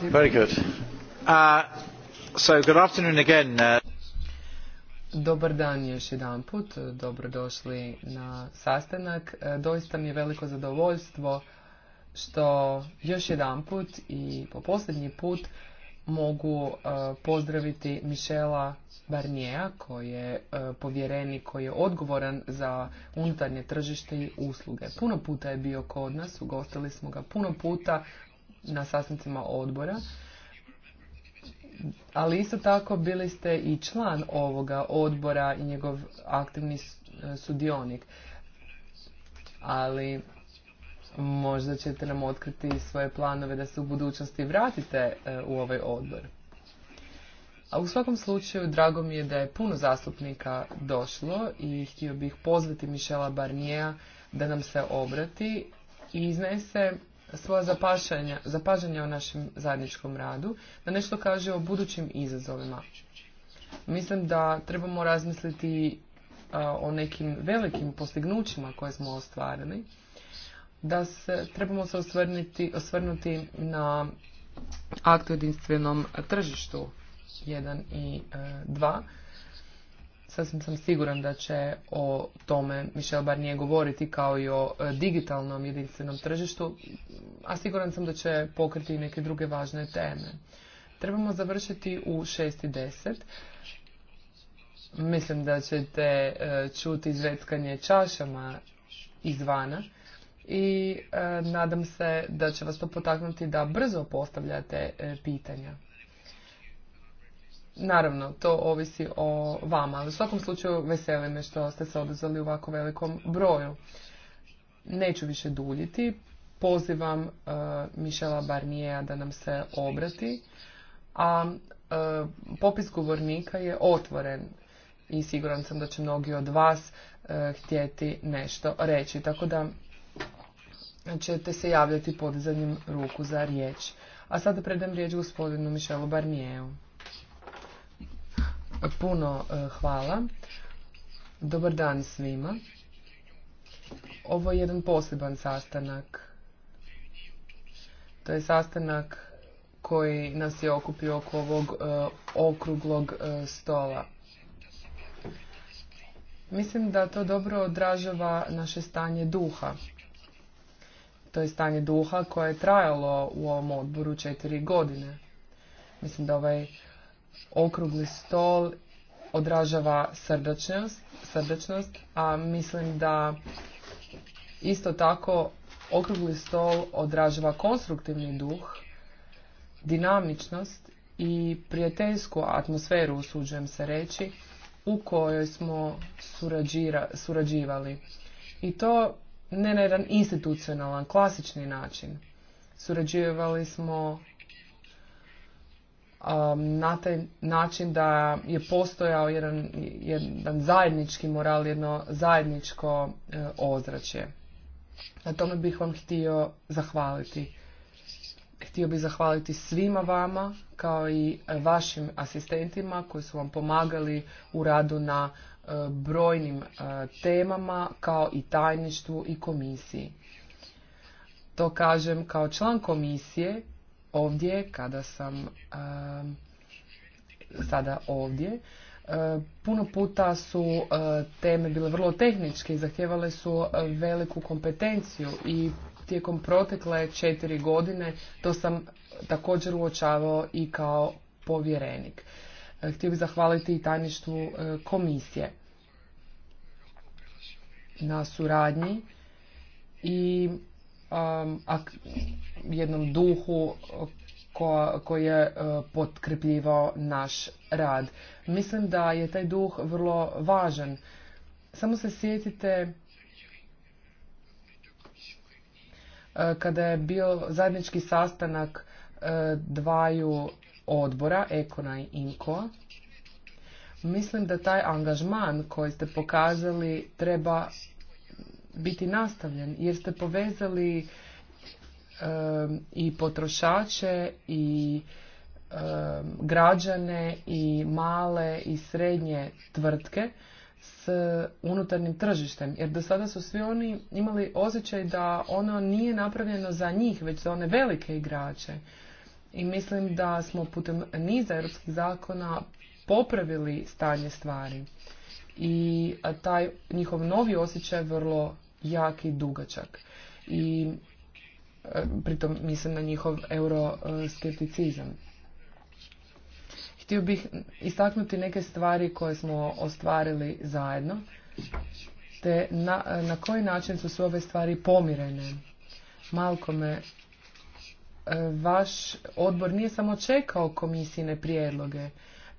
Uh, uh, Dobar dan još jedan put, dobrodošli na sastanak. E, doista mi je veliko zadovoljstvo što još jedan put i po posljednji put mogu e, pozdraviti Mišela Barnijeja koji je e, povjerenik koji je odgovoran za unutarnje tržište i usluge. Puno puta je bio kod nas, ugostili smo ga puno puta, na sastancima odbora, ali isto tako bili ste i član ovoga odbora i njegov aktivni e, sudionik. Ali možda ćete nam otkriti svoje planove da se u budućnosti vratite e, u ovaj odbor. A u svakom slučaju, drago mi je da je puno zastupnika došlo i htio bih pozvati Mišela Barnija da nam se obrati i iznese svoja zapašanja, zapažanja o našem zajedničkom radu, da nešto kaže o budućim izazovima. Mislim da trebamo razmisliti o nekim velikim postignućima koje smo ostvarili, da se trebamo se osvrnuti, osvrnuti na akt jedinstvenom tržištu 1 i 2, e, Sasvim sam siguran da će o tome Michel Barnier govoriti kao i o e, digitalnom jedinstvenom tržištu, a siguran sam da će pokriti i neke druge važne teme. Trebamo završiti u 6.10. Mislim da ćete e, čuti izveckanje čašama izvana i e, nadam se da će vas to potaknuti da brzo postavljate pitanja. Naravno, to ovisi o vama, ali u svakom slučaju veseli me što ste se odazvali u ovako velikom broju. Neću više duljiti, pozivam e, Mišela Barnijeja da nam se obrati, a e, popis govornika je otvoren i siguran sam da će mnogi od vas e, htjeti nešto reći, tako da ćete se javljati podizanjem ruku za riječ. A sada predam riječ gospodinu Mišelu Barnijeju. Puno e, hvala. Dobar dan svima. Ovo je jedan poseban sastanak. To je sastanak koji nas je okupio oko ovog e, okruglog e, stola. Mislim da to dobro odražava naše stanje duha. To je stanje duha koje je trajalo u ovom odboru četiri godine. Mislim da ovaj okrugli stol odražava srdačnost, srdačnost, a mislim da isto tako okrugli stol odražava konstruktivni duh, dinamičnost i prijateljsku atmosferu, usuđujem se reći, u kojoj smo surađivali. I to ne na jedan institucionalan, klasični način. Surađivali smo Um, na taj način da je postojao jedan, jedan zajednički moral, jedno zajedničko uh, ozračje. Na tome bih vam htio zahvaliti. Htio bih zahvaliti svima vama kao i vašim asistentima koji su vam pomagali u radu na uh, brojnim uh, temama kao i tajništvu i komisiji. To kažem kao član komisije ovdje, kada sam sada ovdje, e, puno puta su e, teme bile vrlo tehničke i zahtjevale su e, veliku kompetenciju i tijekom protekle četiri godine to sam također uočavao i kao povjerenik. Htio bih zahvaliti i tajništvu komisije na suradnji i Um, jednom duhu koji je uh, potkrepljivao naš rad. Mislim da je taj duh vrlo važan. Samo se sjetite uh, kada je bio zajednički sastanak uh, dvaju odbora, Ekona i Inko, mislim da taj angažman koji ste pokazali treba biti nastavljen jer ste povezali i potrošače i građane i male i srednje tvrtke s unutarnjim tržištem jer do sada su svi oni imali osjećaj da ono nije napravljeno za njih već za one velike igrače i mislim da smo putem niza europskih zakona popravili stanje stvari i taj njihov novi osjećaj vrlo jak i dugačak. I e, pritom mislim na njihov euroskepticizam. Htio bih istaknuti neke stvari koje smo ostvarili zajedno, te na, na koji način su sve ove stvari pomirene. Malkome, e, vaš odbor nije samo čekao komisijne prijedloge,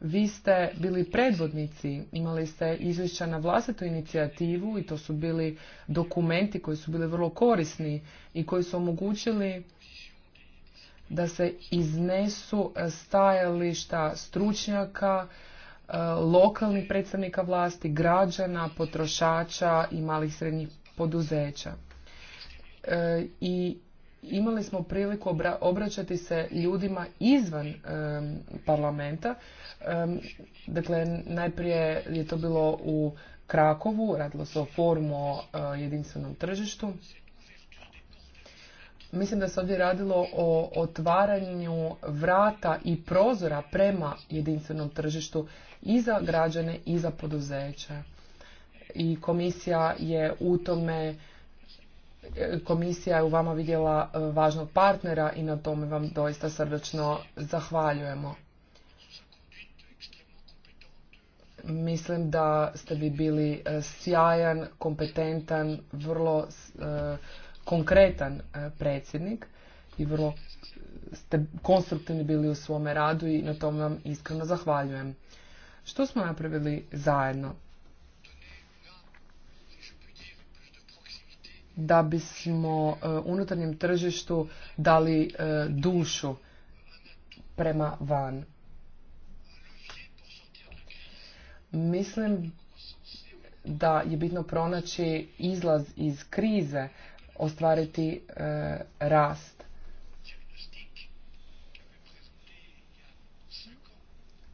vi ste bili predvodnici, imali ste izvješća na vlastitu inicijativu i to su bili dokumenti koji su bili vrlo korisni i koji su omogućili da se iznesu e, stajališta stručnjaka, e, lokalnih predstavnika vlasti, građana, potrošača i malih srednjih poduzeća. E, I imali smo priliku obraćati se ljudima izvan parlamenta. dakle, najprije je to bilo u Krakovu, radilo se o formu o e, jedinstvenom tržištu. Mislim da se ovdje radilo o otvaranju vrata i prozora prema jedinstvenom tržištu i za građane i za poduzeće. I komisija je u tome Komisija je u vama vidjela e, važnog partnera i na tome vam doista srdečno zahvaljujemo. Mislim da ste vi bili e, sjajan, kompetentan, vrlo e, konkretan predsjednik i vrlo ste konstruktivni bili u svome radu i na tome vam iskreno zahvaljujem. Što smo napravili zajedno? da bismo e, unutarnjem tržištu dali e, dušu prema van. Mislim da je bitno pronaći izlaz iz krize, ostvariti e, rast.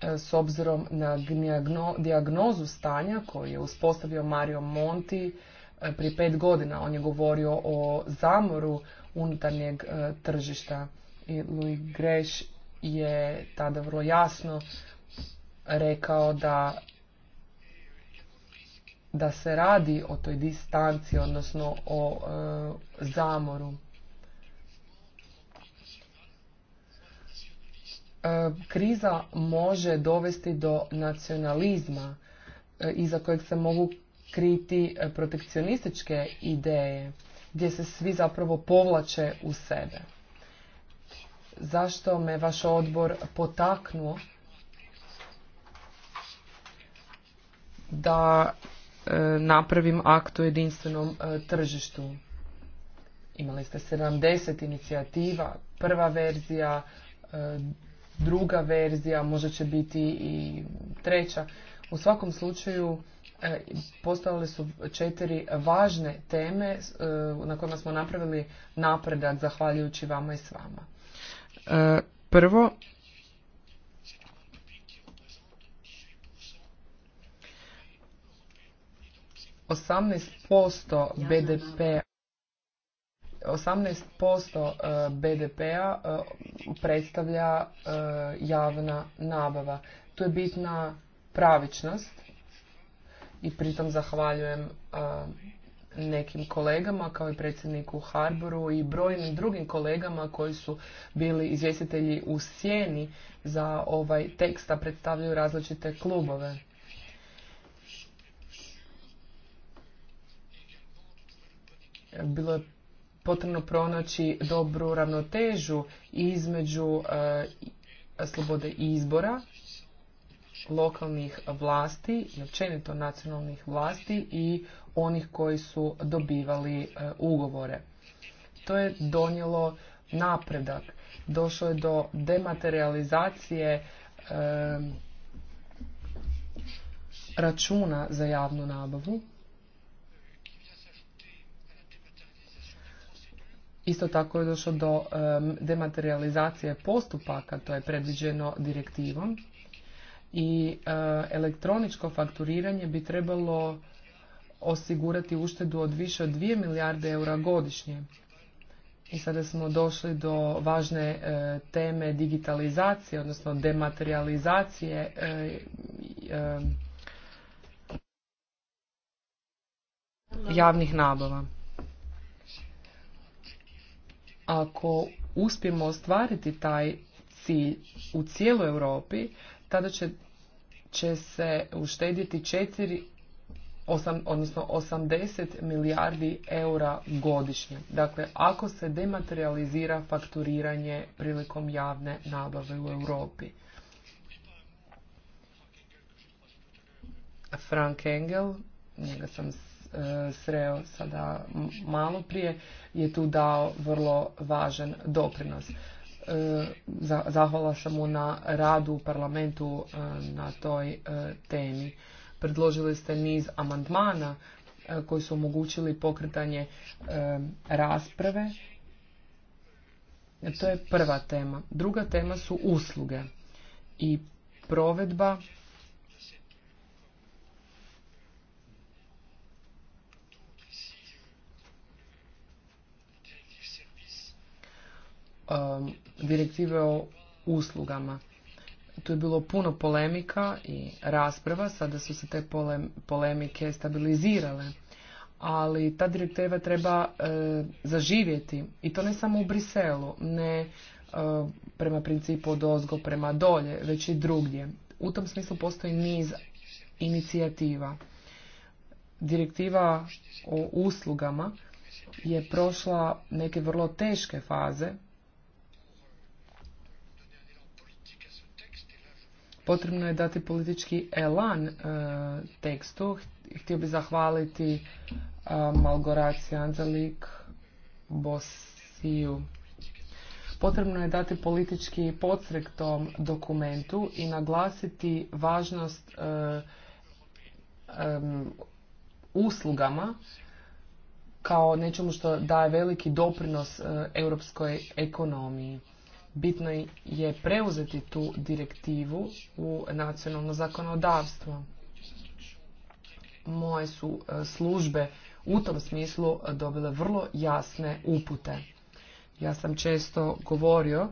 S obzirom na dijagnozu stanja koju je uspostavio Mario Monti E, prije pet godina. On je govorio o zamoru unutarnjeg e, tržišta i Louis Greš je tada vrlo jasno rekao da da se radi o toj distanci, odnosno o e, zamoru. kriza može dovesti do nacionalizma iza kojeg se mogu kriti e, protekcionističke ideje gdje se svi zapravo povlače u sebe. Zašto me vaš odbor potaknuo da e, napravim akt o jedinstvenom e, tržištu? Imali ste 70 inicijativa, prva verzija, druga verzija, možda će biti i treća. U svakom slučaju E, postavili su četiri važne teme e, na kojima smo napravili napredak zahvaljujući vama i s vama. E, prvo, osamnaest posto bdp 18% BDP-a predstavlja javna nabava. Tu je bitna pravičnost i pritom zahvaljujem nekim kolegama kao i predsjedniku Harboru i brojnim drugim kolegama koji su bili izvjestitelji u sjeni za ovaj tekst, a predstavljaju različite klubove. Bilo je potrebno pronaći dobru ravnotežu između slobode izbora lokalnih vlasti i općenito nacionalnih vlasti i onih koji su dobivali e, ugovore. To je donijelo napredak. Došlo je do dematerializacije e, računa za javnu nabavu. Isto tako je došlo do e, dematerializacije postupaka, to je predviđeno direktivom i e, elektroničko fakturiranje bi trebalo osigurati uštedu od više od 2 milijarde eura godišnje. I sada smo došli do važne e, teme digitalizacije, odnosno dematerializacije e, javnih nabava. Ako uspijemo ostvariti taj cilj u cijeloj Europi, tada će, će se uštedjeti 4 8, odnosno 80 milijardi eura godišnje. Dakle, ako se dematerializira fakturiranje prilikom javne nabave u Europi. Frank Engel, njega sam e, sreo sada malo prije, je tu dao vrlo važan doprinos zahvala sam mu na radu u parlamentu e, na toj e, temi. Predložili ste niz amandmana e, koji su omogućili pokretanje rasprave. To je prva tema. Druga tema su usluge i provedba Um, direktive o uslugama. Tu je bilo puno polemika i rasprava, sada su se te polemike stabilizirale, ali ta direktiva treba e, zaživjeti i to ne samo u Briselu, ne e, prema principu dozgo, prema dolje, već i drugdje. U tom smislu postoji niz inicijativa. Direktiva o uslugama je prošla neke vrlo teške faze Potrebno je dati politički elan e, tekstu. Htio bih zahvaliti e, Malgoraci Anzelik Bosiju. Potrebno je dati politički podstrek tom dokumentu i naglasiti važnost e, uslugama kao nečemu što daje veliki doprinos europskoj ekonomiji. Bitno je preuzeti tu direktivu u nacionalno zakonodavstvo. Moje su e, službe u tom smislu dobile vrlo jasne upute. Ja sam često govorio,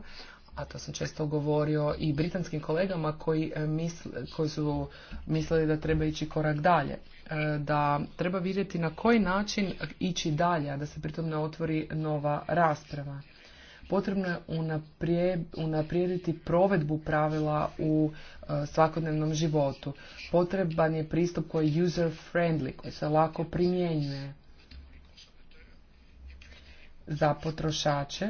a to sam često govorio i britanskim kolegama koji, e, misl, koji su mislili da treba ići korak dalje, e, da treba vidjeti na koji način ići dalje, a da se pritom ne otvori nova rasprava. Potrebno je unaprijediti provedbu pravila u e, svakodnevnom životu. Potreban je pristup koji je user-friendly, koji se lako primjenjuje za potrošače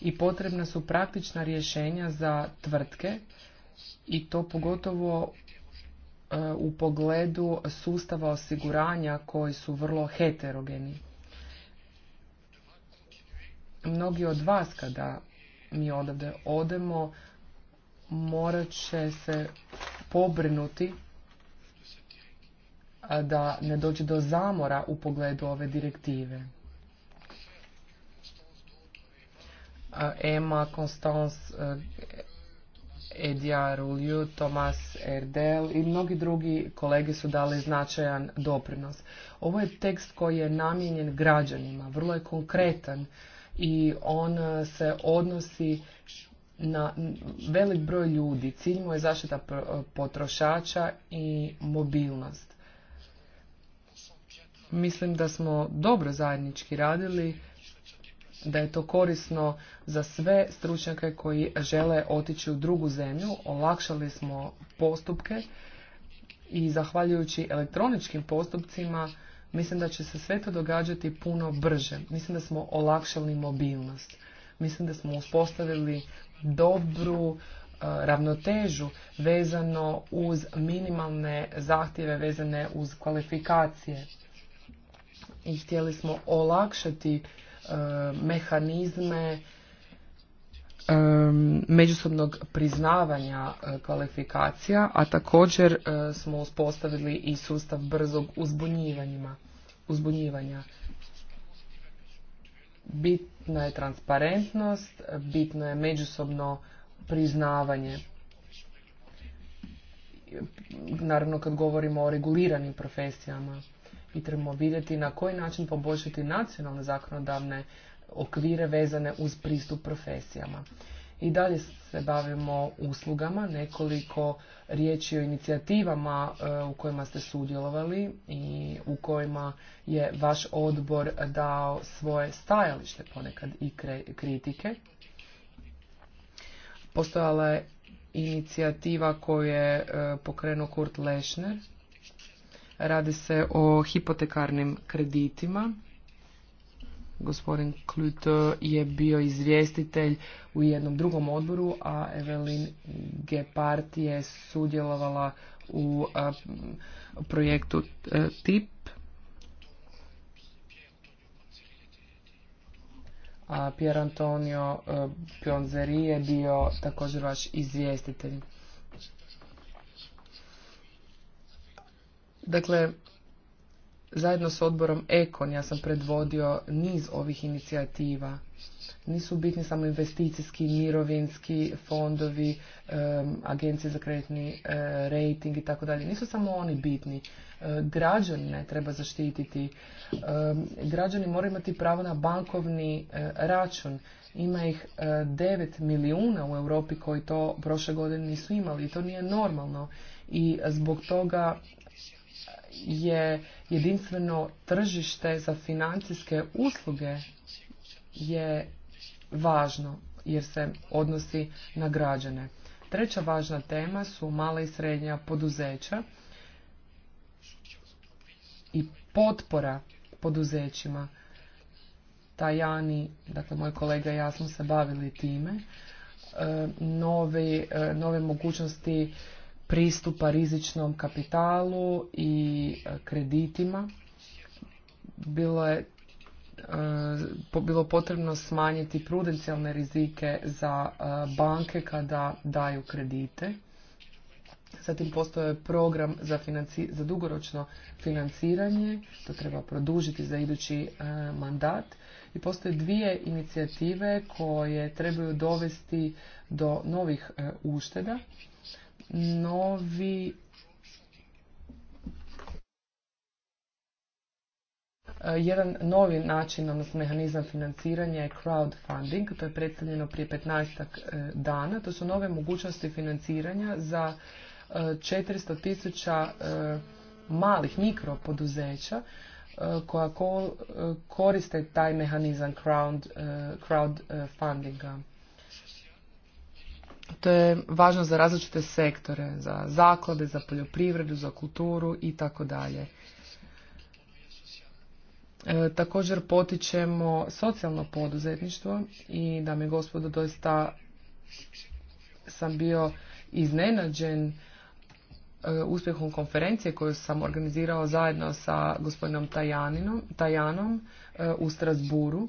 i potrebna su praktična rješenja za tvrtke i to pogotovo e, u pogledu sustava osiguranja koji su vrlo heterogeni mnogi od vas kada mi odavde odemo morat će se pobrinuti da ne dođe do zamora u pogledu ove direktive. Ema, Constance, Edja, Rulju, Tomas Erdel i mnogi drugi kolege su dali značajan doprinos. Ovo je tekst koji je namijenjen građanima, vrlo je konkretan i on e, se odnosi na velik broj ljudi. Cilj mu je zaštita e, potrošača i mobilnost. Mislim da smo dobro zajednički radili, da je to korisno za sve stručnjake koji žele otići u drugu zemlju. Olakšali smo postupke i zahvaljujući elektroničkim postupcima Mislim da će se sve to događati puno brže. Mislim da smo olakšali mobilnost. Mislim da smo uspostavili dobru uh, ravnotežu vezano uz minimalne zahtjeve vezane uz kvalifikacije. I htjeli smo olakšati uh, mehanizme međusobnog priznavanja e, kvalifikacija, a također e, smo uspostavili i sustav brzog uzbunjivanja. Bitna je transparentnost, bitno je međusobno priznavanje. Naravno kad govorimo o reguliranim profesijama i trebamo vidjeti na koji način poboljšati nacionalne zakonodavne okvire vezane uz pristup profesijama. I dalje se bavimo uslugama, nekoliko riječi o inicijativama e, u kojima ste sudjelovali i u kojima je vaš odbor dao svoje stajalište ponekad i kritike. Postojala je inicijativa koju je e, pokrenuo Kurt Lešner. Radi se o hipotekarnim kreditima Gospodin Klut je bio izvjestitelj u jednom drugom odboru, a Evelin Gepard je sudjelovala u projektu e, TIP. A Pier Antonio e, Pionzeri je bio također vaš izvjestitelj. Dakle, Zajedno s odborom Ekon ja sam predvodio niz ovih inicijativa. Nisu bitni samo investicijski, mirovinski fondovi, agencije za kreditni eh, rating i tako dalje. Nisu samo oni bitni. Eh, građane treba zaštititi. Građani moraju imati pravo na bankovni eh, račun. Ima ih 9 milijuna u Europi koji to prošle godine nisu imali i to nije normalno i zbog toga je jedinstveno tržište za financijske usluge je važno jer se odnosi na građane. Treća važna tema su mala i srednja poduzeća i potpora poduzećima. Tajani, dakle moj kolega i ja smo se bavili time, e, e, nove mogućnosti pristupa rizičnom kapitalu i e, kreditima bilo je e, bilo potrebno smanjiti prudencijalne rizike za e, banke kada daju kredite. Zatim postoje program za, za dugoročno financiranje, to treba produžiti za idući mandat. I postoje dvije inicijative koje trebaju dovesti do novih ušteda novi e, Jedan novi način, odnosno mehanizam financiranja je crowdfunding, to je predstavljeno prije 15 e, dana. To su nove mogućnosti financiranja za 400 e, tisuća malih mikropoduzeća koja koriste taj mehanizam crowdfundinga. To je važno za različite sektore, za zaklade, za poljoprivredu, za kulturu i tako dalje. E, također potičemo socijalno poduzetništvo i da mi gospodo doista sam bio iznenađen e, uspjehom konferencije koju sam organizirao zajedno sa gospodinom Tajanom e, u Strasburu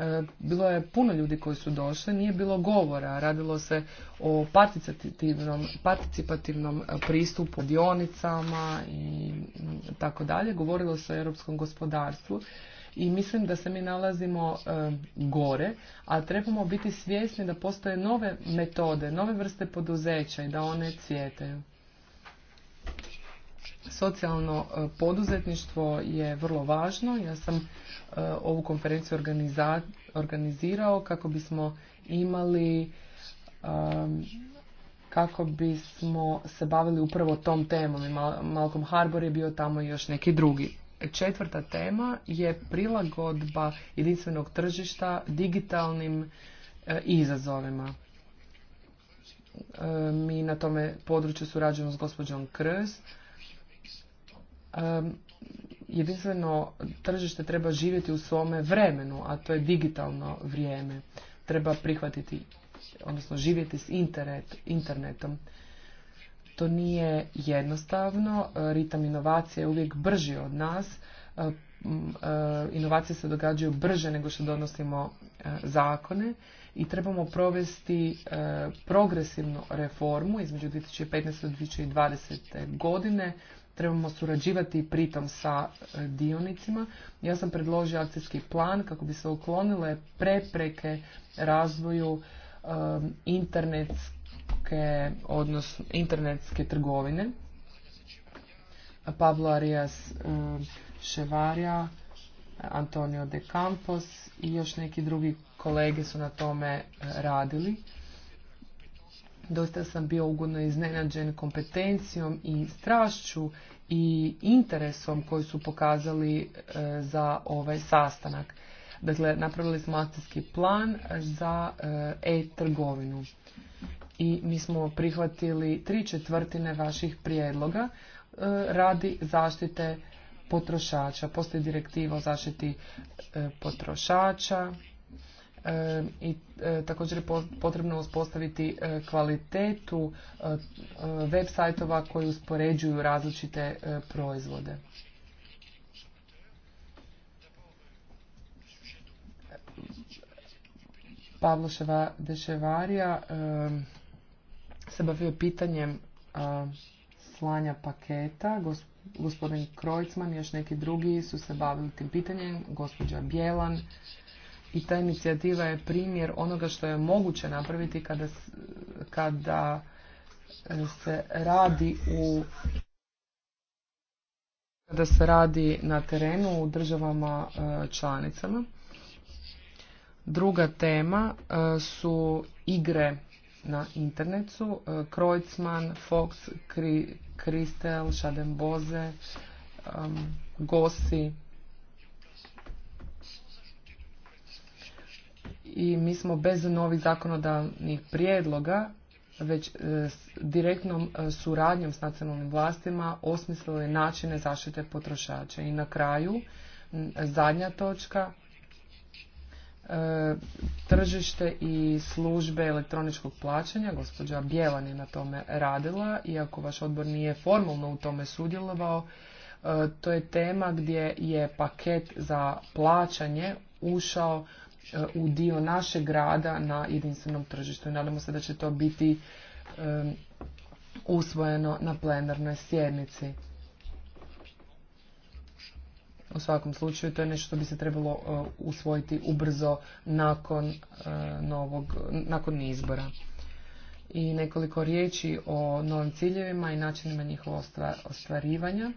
E, bilo je puno ljudi koji su došli, nije bilo govora, radilo se o participativnom, participativnom e, pristupu dionicama i mm, tako dalje. Govorilo se o europskom gospodarstvu i mislim da se mi nalazimo e, gore, a trebamo biti svjesni da postoje nove metode, nove vrste poduzeća i da one cvjetaju. Socijalno poduzetništvo je vrlo važno. Ja sam E, ovu konferenciju organizirao kako bismo imali kako bismo se bavili upravo tom temom. Malcolm Harbor je bio tamo i još neki drugi. Četvrta tema je prilagodba jedinstvenog tržišta digitalnim e, izazovima. E, mi na tome području surađujemo s gospođom Krz jedinstveno tržište treba živjeti u svome vremenu, a to je digitalno vrijeme. Treba prihvatiti, odnosno živjeti s internet, internetom. To nije jednostavno, ritam inovacije je uvijek brži od nas, e, e, inovacije se događaju brže nego što donosimo e, zakone i trebamo provesti progresivnu reformu između 2015. i 2020. godine trebamo surađivati pritom sa e, dionicima. Ja sam predložio akcijski plan kako bi se uklonile prepreke razvoju internetske, odnosno internetske trgovine. Pablo Arias e, Ševarja, Antonio de Campos i još neki drugi kolege su na tome e, radili. Dosta sam bio ugodno iznenađen kompetencijom i strašću i interesom koji su pokazali e, za ovaj sastanak. Dakle, napravili smo akcijski plan za e, e-trgovinu. I mi smo prihvatili tri četvrtine vaših prijedloga e, radi zaštite potrošača. Postoji direktiva o zaštiti potrošača, E, i e, također je potrebno uspostaviti e, kvalitetu web sajtova koji uspoređuju različite proizvode. Pavlo Deševarija se bavio pitanjem slanja paketa. Gospodin Krojcman i još neki drugi su se bavili tim pitanjem. Gospođa Bjelan i ta inicijativa je primjer onoga što je moguće napraviti kada, kada se radi u kada se radi na terenu u državama e, članicama. Druga tema e, su igre na internetu. E, Kreuzmann, Fox, Kristel, Schadenboze, Gosi, i mi smo bez novih zakonodavnih prijedloga već e, direktnom e, suradnjom s nacionalnim vlastima osmislili načine zaštite potrošača. I na kraju, zadnja točka, e, tržište i službe elektroničkog plaćanja, gospođa Bjelan je na tome radila, iako vaš odbor nije formalno u tome sudjelovao, to je tema gdje je paket za plaćanje ušao E, u dio našeg rada na jedinstvenom tržištu i nadamo se da će to biti e, usvojeno na plenarnoj sjednici. U svakom slučaju to je nešto što bi se trebalo e, usvojiti ubrzo nakon nakon izbora. I nekoliko riječi o novim ciljevima i načinima njihova ostvarivanja.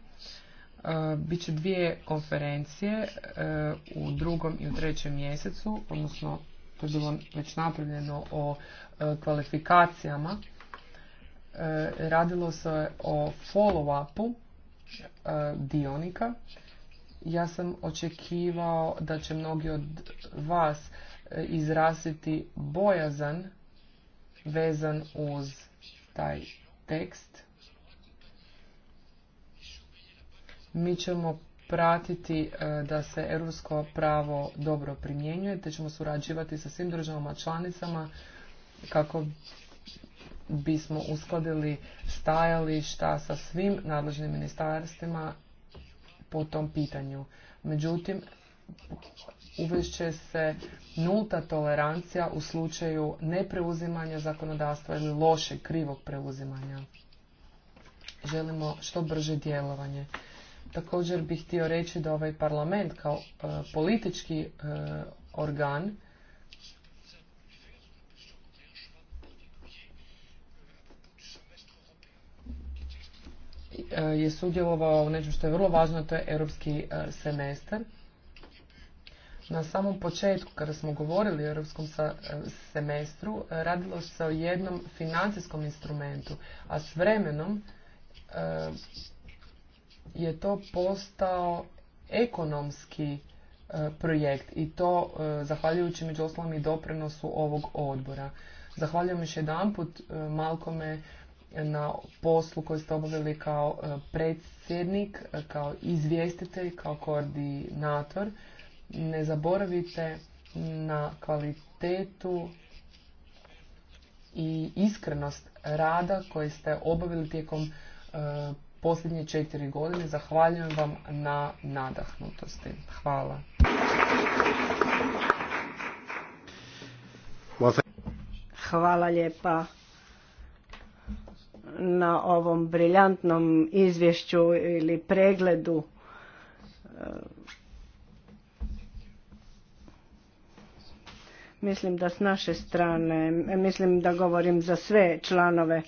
E, Biće dvije konferencije e, u drugom i u trećem mjesecu, odnosno to je bilo već napravljeno o e, kvalifikacijama. Radilo se o follow-upu dionika. Ja sam očekivao da će mnogi od vas izrasiti bojazan vezan uz taj tekst Mi ćemo pratiti e, da se europsko pravo dobro primjenjuje, te ćemo surađivati sa svim državama članicama kako bismo uskladili stajališta sa svim nadležnim ministarstvima po tom pitanju. Međutim, uvešće se nulta tolerancija u slučaju nepreuzimanja zakonodavstva ili lošeg, krivog preuzimanja. Želimo što brže djelovanje. Također bih htio reći da ovaj parlament kao e, politički e, organ e, je sudjelovao u nečem što je vrlo važno, to je europski semestar. Na samom početku, kada smo govorili o europskom semestru, radilo se o jednom financijskom instrumentu, a s vremenom je to postao ekonomski e, projekt i to e, zahvaljujući među ostalom i doprinosu ovog odbora. Zahvaljujem još jedanput e, Malkome na poslu koji ste obavili kao predsjednik, kao izvjestitelj, kao koordinator. Ne zaboravite na kvalitetu i iskrenost rada koji ste obavili tijekom posljednje četiri godine. Zahvaljujem vam na nadahnutosti. Hvala. Hvala lijepa na ovom briljantnom izvješću ili pregledu mislim da s naše strane, mislim da govorim za sve članove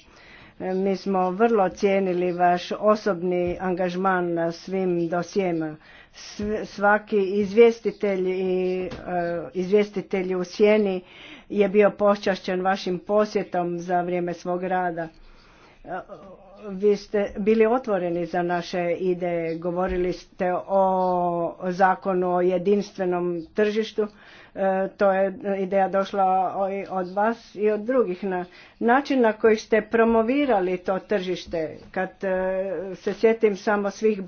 E, mi smo vrlo cijenili vaš osobni angažman na svim dosijema. Svaki izvjestitelj i e, izvjestitelj u sjeni je bio počašćen vašim posjetom za vrijeme svog rada e, vi ste bili otvoreni za naše ideje, govorili ste o zakonu o jedinstvenom tržištu, e, to je ideja došla od vas i od drugih. Način na koji ste promovirali to tržište, kad e, se sjetim samo svih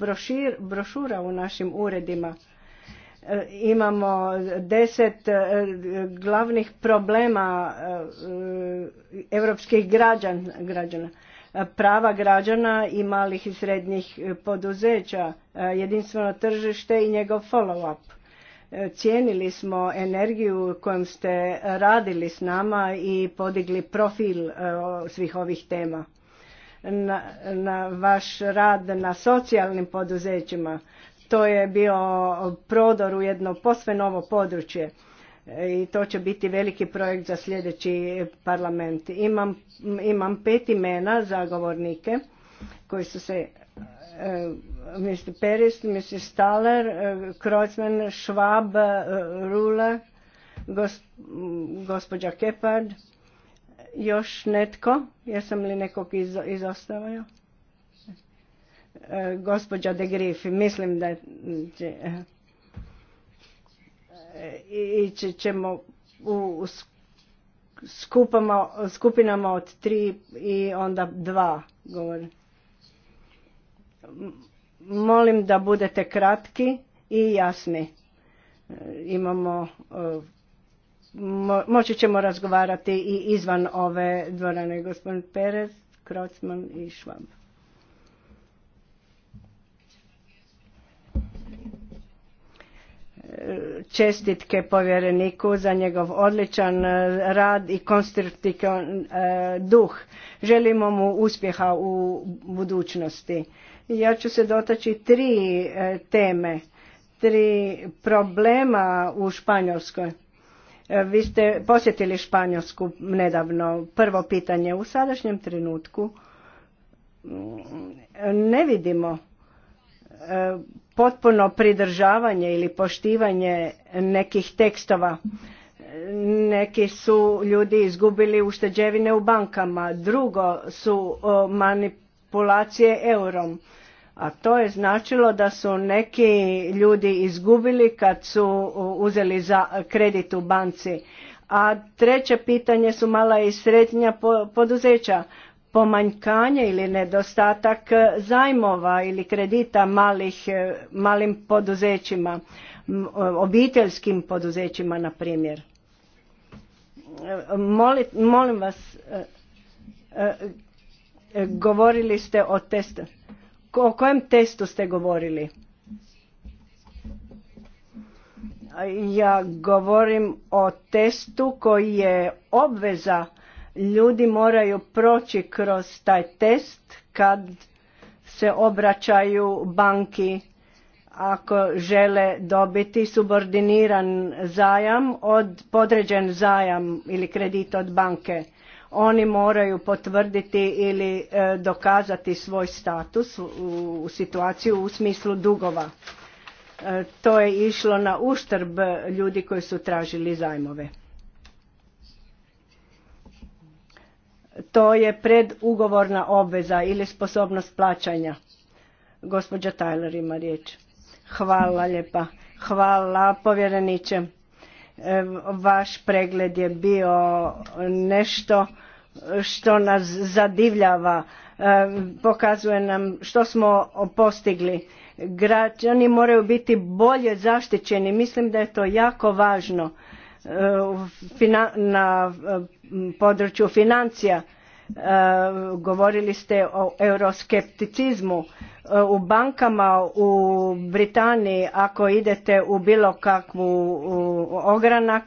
brošura u našim uredima, e, imamo deset glavnih problema europskih građana prava građana i malih i srednjih e, poduzeća, e, jedinstveno tržište i njegov follow-up. E, cijenili smo energiju kojom ste radili s nama i podigli profil svih ovih tema. Na, na vaš rad na socijalnim poduzećima, to je bio prodor u jedno posve novo područje i to će biti veliki projekt za sljedeći parlament. Imam, imam pet imena zagovornike koji su se e, Mr. Peris, Mr. Staller, e, Kreutzmann, Schwab, e, Rula, gospođa Kepard, još netko, jesam li nekog iz, izostavio? Gospođa de Grif, mislim da će ići ćemo u skupama, skupinama od tri i onda dva Molim da budete kratki i jasni. E, imamo e, moći ćemo razgovarati i izvan ove dvorane gospodin Perez, Krocman i Švabu. čestitke povjereniku za njegov odličan e, rad i konstruktivan e, duh. Želimo mu uspjeha u budućnosti. Ja ću se dotaći tri e, teme, tri problema u Španjolskoj. Vi ste posjetili Španjolsku nedavno. Prvo pitanje, u sadašnjem trenutku ne vidimo potpuno pridržavanje ili poštivanje nekih tekstova. Neki su ljudi izgubili ušteđevine u bankama, drugo su manipulacije eurom. A to je značilo da su neki ljudi izgubili kad su uzeli za kredit u banci. A treće pitanje su mala i srednja poduzeća pomanjkanje ili nedostatak e, zajmova ili kredita e, malim poduzećima, e, obiteljskim poduzećima na primjer. Molim vas, govorili ste o testu. O kojem testu ste govorili? Ja govorim o testu koji je obveza Ljudi moraju proći kroz taj test kad se obraćaju banki ako žele dobiti subordiniran zajam od podređen zajam ili kredit od banke oni moraju potvrditi ili e, dokazati svoj status u, situaciju u smislu dugova e, to je išlo na uštrb ljudi koji su tražili zajmove to je predugovorna obveza ili sposobnost plaćanja. Gospođa Tajler ima riječ. Hvala lijepa. Hvala povjereniče. E, vaš pregled je bio nešto što nas zadivljava. E, pokazuje nam što smo postigli. Građani moraju biti bolje zaštićeni. Mislim da je to jako važno na području financija. E, govorili ste o euroskepticizmu. E, u bankama u Britaniji ako idete u bilo kakvu ogranak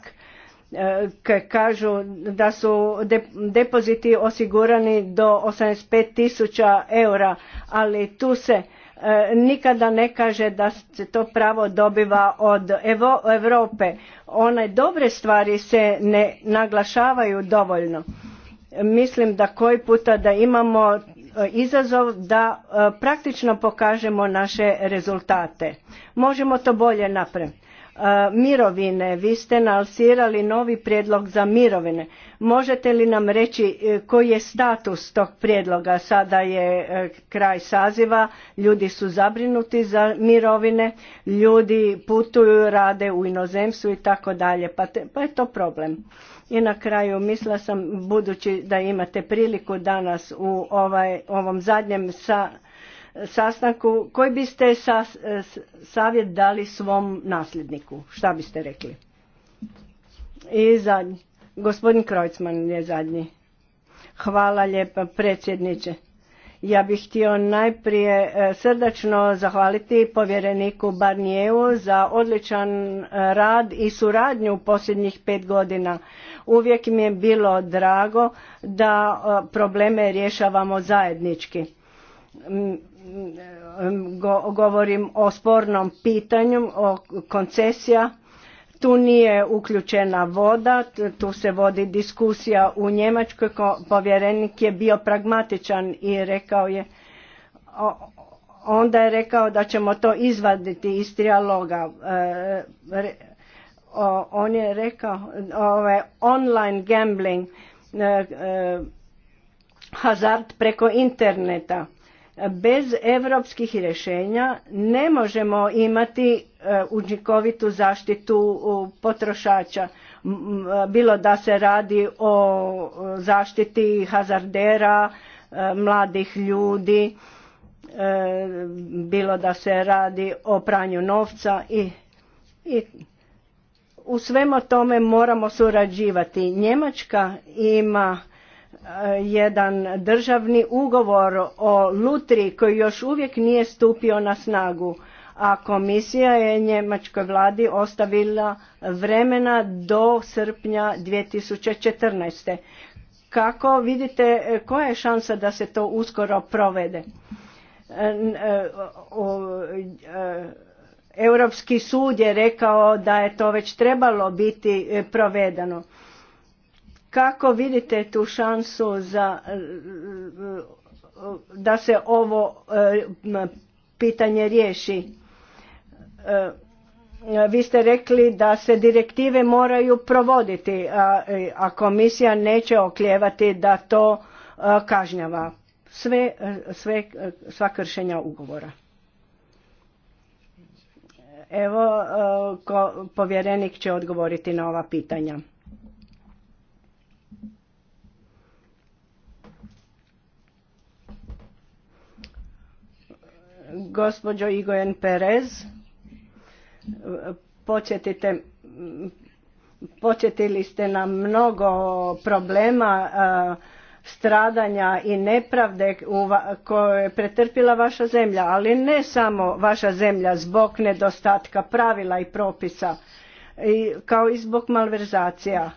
e, kažu da su depoziti osigurani do 85 tisuća eura, ali tu se E, nikada ne kaže da se to pravo dobiva od Europe. One dobre stvari se ne naglašavaju dovoljno. Mislim da koji puta da imamo e, izazov da e, praktično pokažemo naše rezultate. Možemo to bolje napraviti mirovine. Vi ste nalsirali novi prijedlog za mirovine. Možete li nam reći e, koji je status tog prijedloga? Sada je e, kraj saziva, ljudi su zabrinuti za mirovine, ljudi putuju, rade u inozemstvu i tako dalje. Pa, pa je to problem. I na kraju mislila sam, budući da imate priliku danas u ovaj, ovom zadnjem sa, sastanku, koji biste savjet dali svom nasljedniku? Šta biste rekli? I zadnji. Gospodin Krojcman je zadnji. Hvala lijepa predsjedniče. Ja bih htio najprije e, srdačno zahvaliti povjereniku Barnijevu za odličan e, rad i suradnju u posljednjih pet godina. Uvijek mi je bilo drago da e, probleme rješavamo zajednički govorim o spornom pitanju, o koncesija. Tu nije uključena voda, tu se vodi diskusija u Njemačkoj. Povjerenik je bio pragmatičan i rekao je, onda je rekao da ćemo to izvaditi iz trijaloga. E, on je rekao, ovaj, online gambling, e, e, hazard preko interneta Bez europskih rješenja ne možemo imati e, učinkovitu zaštitu potrošača, bilo da se radi o zaštiti hazardera, e, mladih ljudi, e, bilo da se radi o pranju novca i, u svemu tome moramo surađivati. Njemačka ima Eh, jedan državni ugovor o lutri koji još uvijek nije stupio na snagu, a komisija je njemačkoj vladi ostavila vremena do srpnja 2014. Kako vidite eh, koja je šansa da se to uskoro provede? Eh, Europski sud je rekao da je to već trebalo biti provedeno. Kako vidite tu šansu za, da se ovo e, pitanje riješi? E, vi ste rekli da se direktive moraju provoditi, a komisija neće okljevati da to e, kažnjava. Sve, sve, sva kršenja ugovora. Evo, povjerenik će odgovoriti na ova pitanja. Gospođo Igojen Perez, početili podsjetili ste na mnogo problema stradanja i nepravde koje je pretrpila vaša zemlja ali ne samo vaša zemlja zbog nedostatka pravila i propisa kao i zbog malverzacija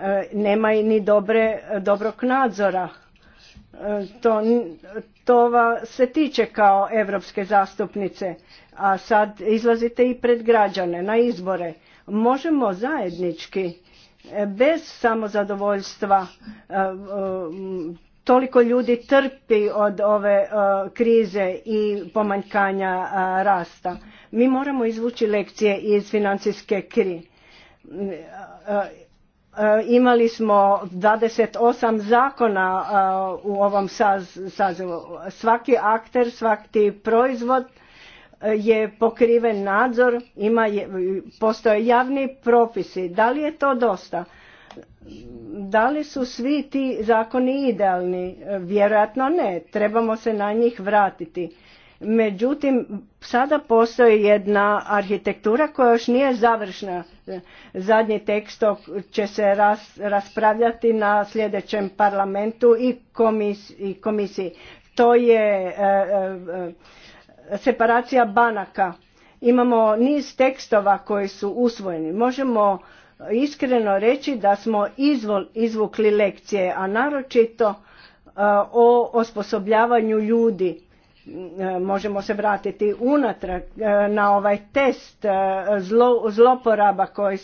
e, nema i ni dobrog nadzora to, to se tiče kao europske zastupnice, a sad izlazite i pred građane na izbore. Možemo zajednički, e, bez samozadovoljstva, e, e, toliko ljudi trpi od ove krize i pomanjkanja rasta. Mi moramo izvući lekcije iz financijske kri Eh, imali smo 28 zakona eh, u ovom sazivu. Svaki akter, svaki proizvod eh, je pokriven nadzor, ima, postoje javni propisi. Da li je to dosta? Da li su svi ti zakoni idealni? Vjerojatno ne. Trebamo se na njih vratiti. Međutim, sada postoji jedna arhitektura koja još nije završna. Zadnji tekst će se raspravljati na sljedećem parlamentu i, komisiji. To je e, e, e, separacija banaka. Imamo niz tekstova koji su usvojeni. Možemo iskreno reći da smo izvukli lekcije, a naročito o osposobljavanju ljudi E, možemo se vratiti unatrag e, na ovaj test e, zloporaba koji,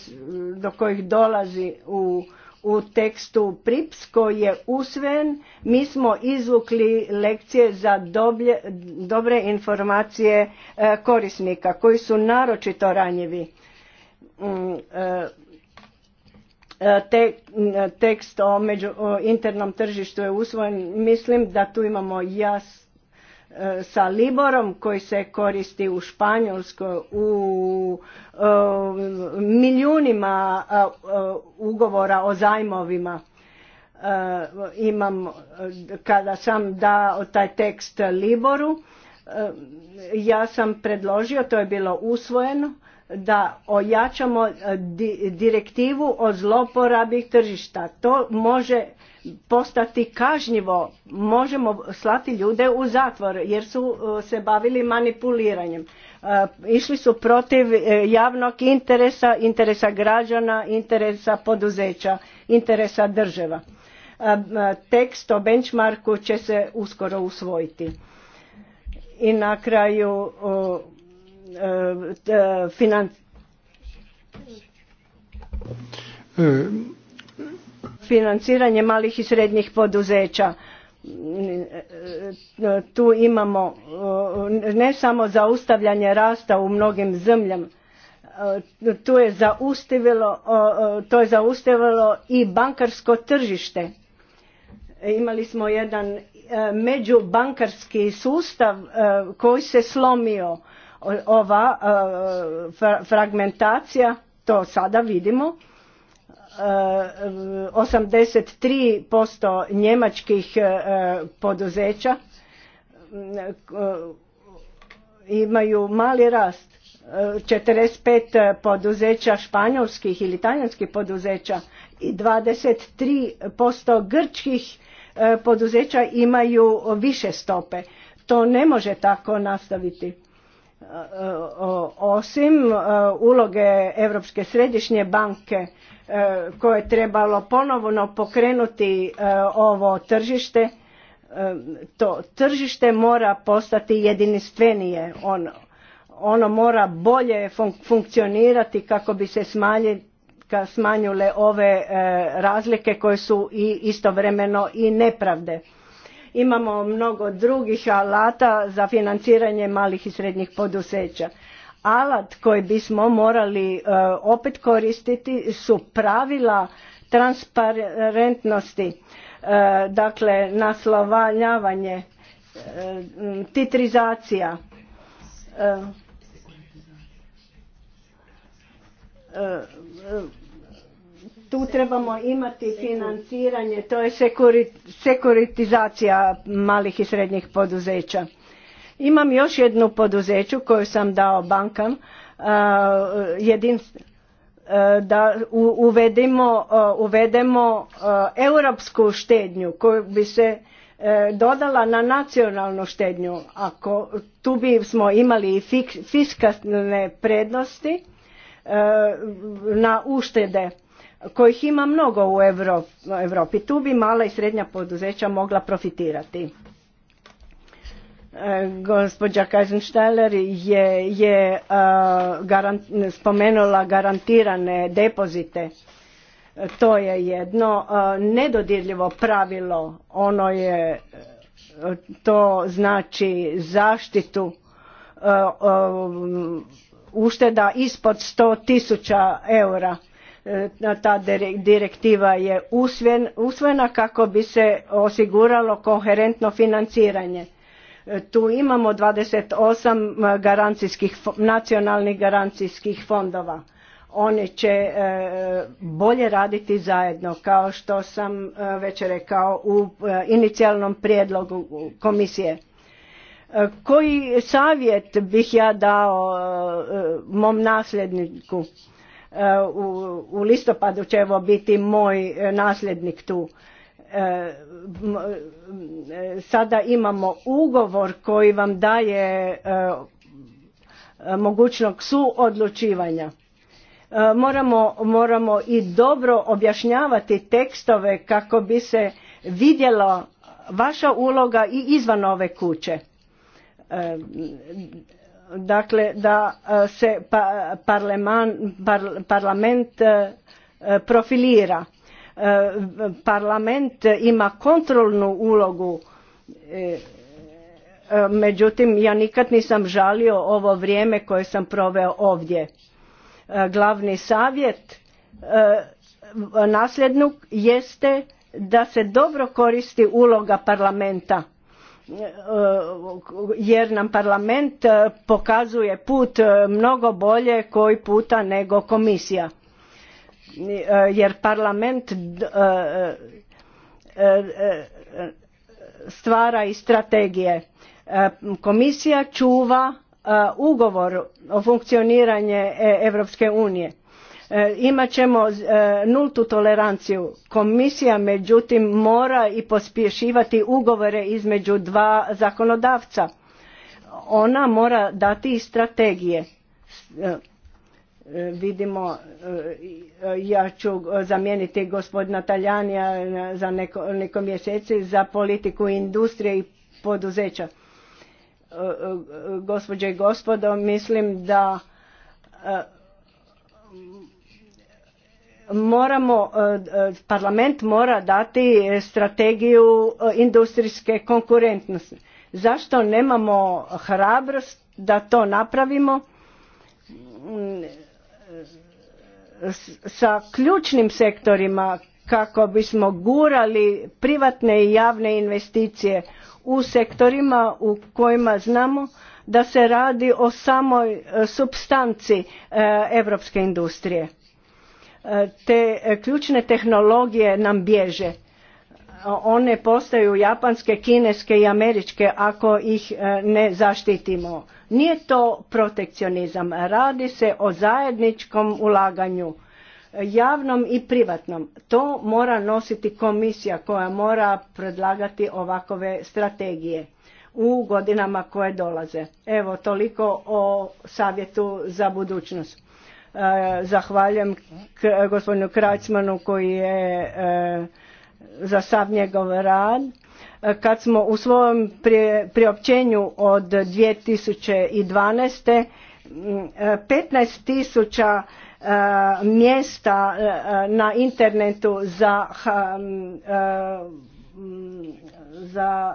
do kojih dolazi u, u tekstu PRIPS koji je usven. Mi smo izvukli lekcije za dobre informacije korisnika koji su naročito ranjivi. Mm, te, tekst o, među, o internom tržištu je usvojen. Mislim da tu imamo jas, E, sa Liborom koji se koristi u Španjolskoj u e, milijunima e, ugovora o zajmovima imam kada sam dao taj tekst Liboru ja sam predložio, to je bilo usvojeno da ojačamo e, direktivu o zloporabi tržišta. To može postati kažnjivo. Možemo slati ljude u zatvor jer su e, se bavili manipuliranjem. E, išli su protiv javnog interesa, interesa građana, interesa poduzeća, interesa država. Tekst o benchmarku će se uskoro usvojiti. I na kraju E, e, financiranje malih i srednjih poduzeća e, tu imamo ne samo zaustavljanje rasta u mnogim zemljama tu je zaustavilo, to je zaustavilo i bankarsko tržište. Imali smo jedan međubankarski sustav koji se slomio ova e, fragmentacija, to sada vidimo, 83% e, njemačkih e, poduzeća imaju mali rast. 45 poduzeća španjolskih ili talijanskih poduzeća i 23% grčkih poduzeća imaju više stope. To ne može tako nastaviti osim e, uloge Europske središnje banke e, koje je trebalo ponovno pokrenuti e, ovo tržište, to tržište mora postati jedinstvenije. Ono, ono mora bolje funkcionirati kako bi se smanjile smanjule ove razlike koje su i istovremeno i nepravde Imamo mnogo drugih alata za financiranje malih i srednjih poduzeća. Alat koji bismo morali e, opet koristiti su pravila transparentnosti, e, dakle naslovanjavanje, e, titrizacija, tu trebamo imati financiranje, to je sekuritizacija malih i srednjih poduzeća. Imam još jednu poduzeću koju sam dao bankam, da uvedemo europsku štednju koju bi se e, dodala na nacionalnu štednju. Ako tu bi smo imali i fiskalne prednosti e, na uštede kojih ima mnogo u Europi. Tu bi mala i srednja poduzeća mogla profitirati. E, gospođa je, je e, spomenula garantirane depozite. to je jedno e, nedodirljivo pravilo. Ono je, to znači zaštitu ušteda ispod sto tisuća eura E, ta direktiva je usvojena kako bi se osiguralo koherentno financiranje. E, tu imamo 28 e, garancijskih, nacionalnih garancijskih fondova. Oni će bolje raditi zajedno, kao što sam već rekao u inicijalnom prijedlogu komisije. Koji savjet bih ja dao mom nasljedniku? u listopadu će evo biti moj e, nasljednik tu. E, e, sada imamo ugovor koji vam daje mogućnog suodlučivanja. Moramo, moramo i dobro objašnjavati tekstove kako bi se vidjela vaša uloga i izvan ove kuće dakle da e, se pa, parlament e, e, profilira parlament ima kontrolnu ulogu međutim ja nikad nisam žalio ovo vrijeme koje sam proveo ovdje glavni savjet nasljednog jeste da se dobro koristi uloga parlamenta jer nam parlament e, pokazuje put e, mnogo bolje koji puta nego komisija e, jer parlament stvara i strategije komisija čuva ugovor o funkcioniranju europske unije E, imat ćemo e, nultu toleranciju. Komisija međutim mora i pospješivati ugovore između dva zakonodavca. Ona mora dati i strategije. E, vidimo, ja ću zamijeniti gospodina Taljanija za neko, neko mjeseci za politiku industrije i poduzeća. Gospođe i gospodo, mislim da moramo, e, e, parlament mora dati strategiju e, industrijske konkurentnosti. Zašto nemamo hrabrost da to napravimo sa ključnim sektorima kako bismo gurali privatne i javne investicije u sektorima u kojima znamo da se radi o samoj substanci europske industrije te ključne tehnologije nam bježe. One postaju japanske, kineske i američke ako ih e, ne zaštitimo. Nije to protekcionizam, radi se o zajedničkom ulaganju javnom i privatnom. To mora nositi komisija koja mora predlagati ovakove strategije u godinama koje dolaze. Evo toliko o savjetu za budućnost. Eh, zahvaljujem gospodinu kracmanu koji je eh, za sav njegov rad. Eh, kad smo u svojem priopćenju od 2012. 15.000 mm, mjesta na internetu za mm, mm, za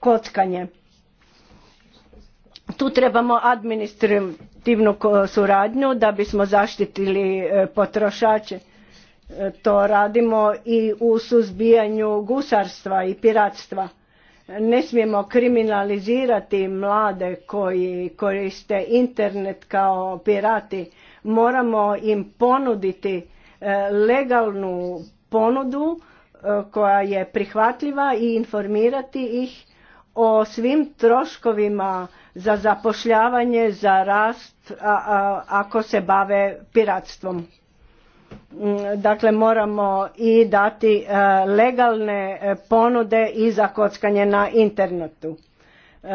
kockanje tu trebamo administrativnu suradnju da bismo zaštitili e, potrošače e, to radimo i u suzbijanju gusarstva i piratstva ne smijemo kriminalizirati mlade koji koriste internet kao pirati moramo im ponuditi e, legalnu ponudu koja je prihvatljiva i informirati ih o svim troškovima za zapošljavanje, za rast ako se bave piratstvom. Mm, dakle, moramo i dati e, legalne e, ponude i za kockanje na internetu. E,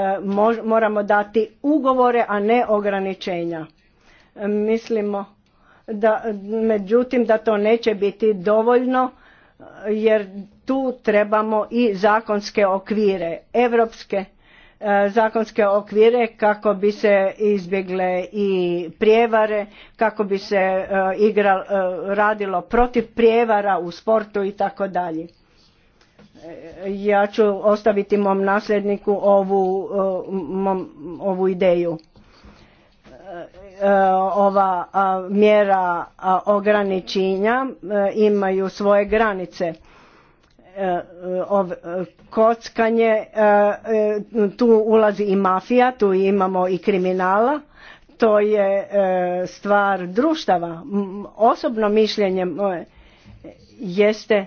moramo dati ugovore, a ne ograničenja. Mislimo da, međutim, da to neće biti dovoljno jer tu trebamo i zakonske okvire, europske e, zakonske okvire kako bi se izbjegle i prijevare, kako bi se e, e, radilo protiv prijevara u sportu i tako dalje. Ja ću ostaviti mom nasljedniku ovu, ovu ideju. Ova mjera ograničenja imaju svoje granice Eh, kockanje, eh, tu ulazi i mafija, tu imamo i kriminala, to je eh, stvar društava. Osobno mišljenje jeste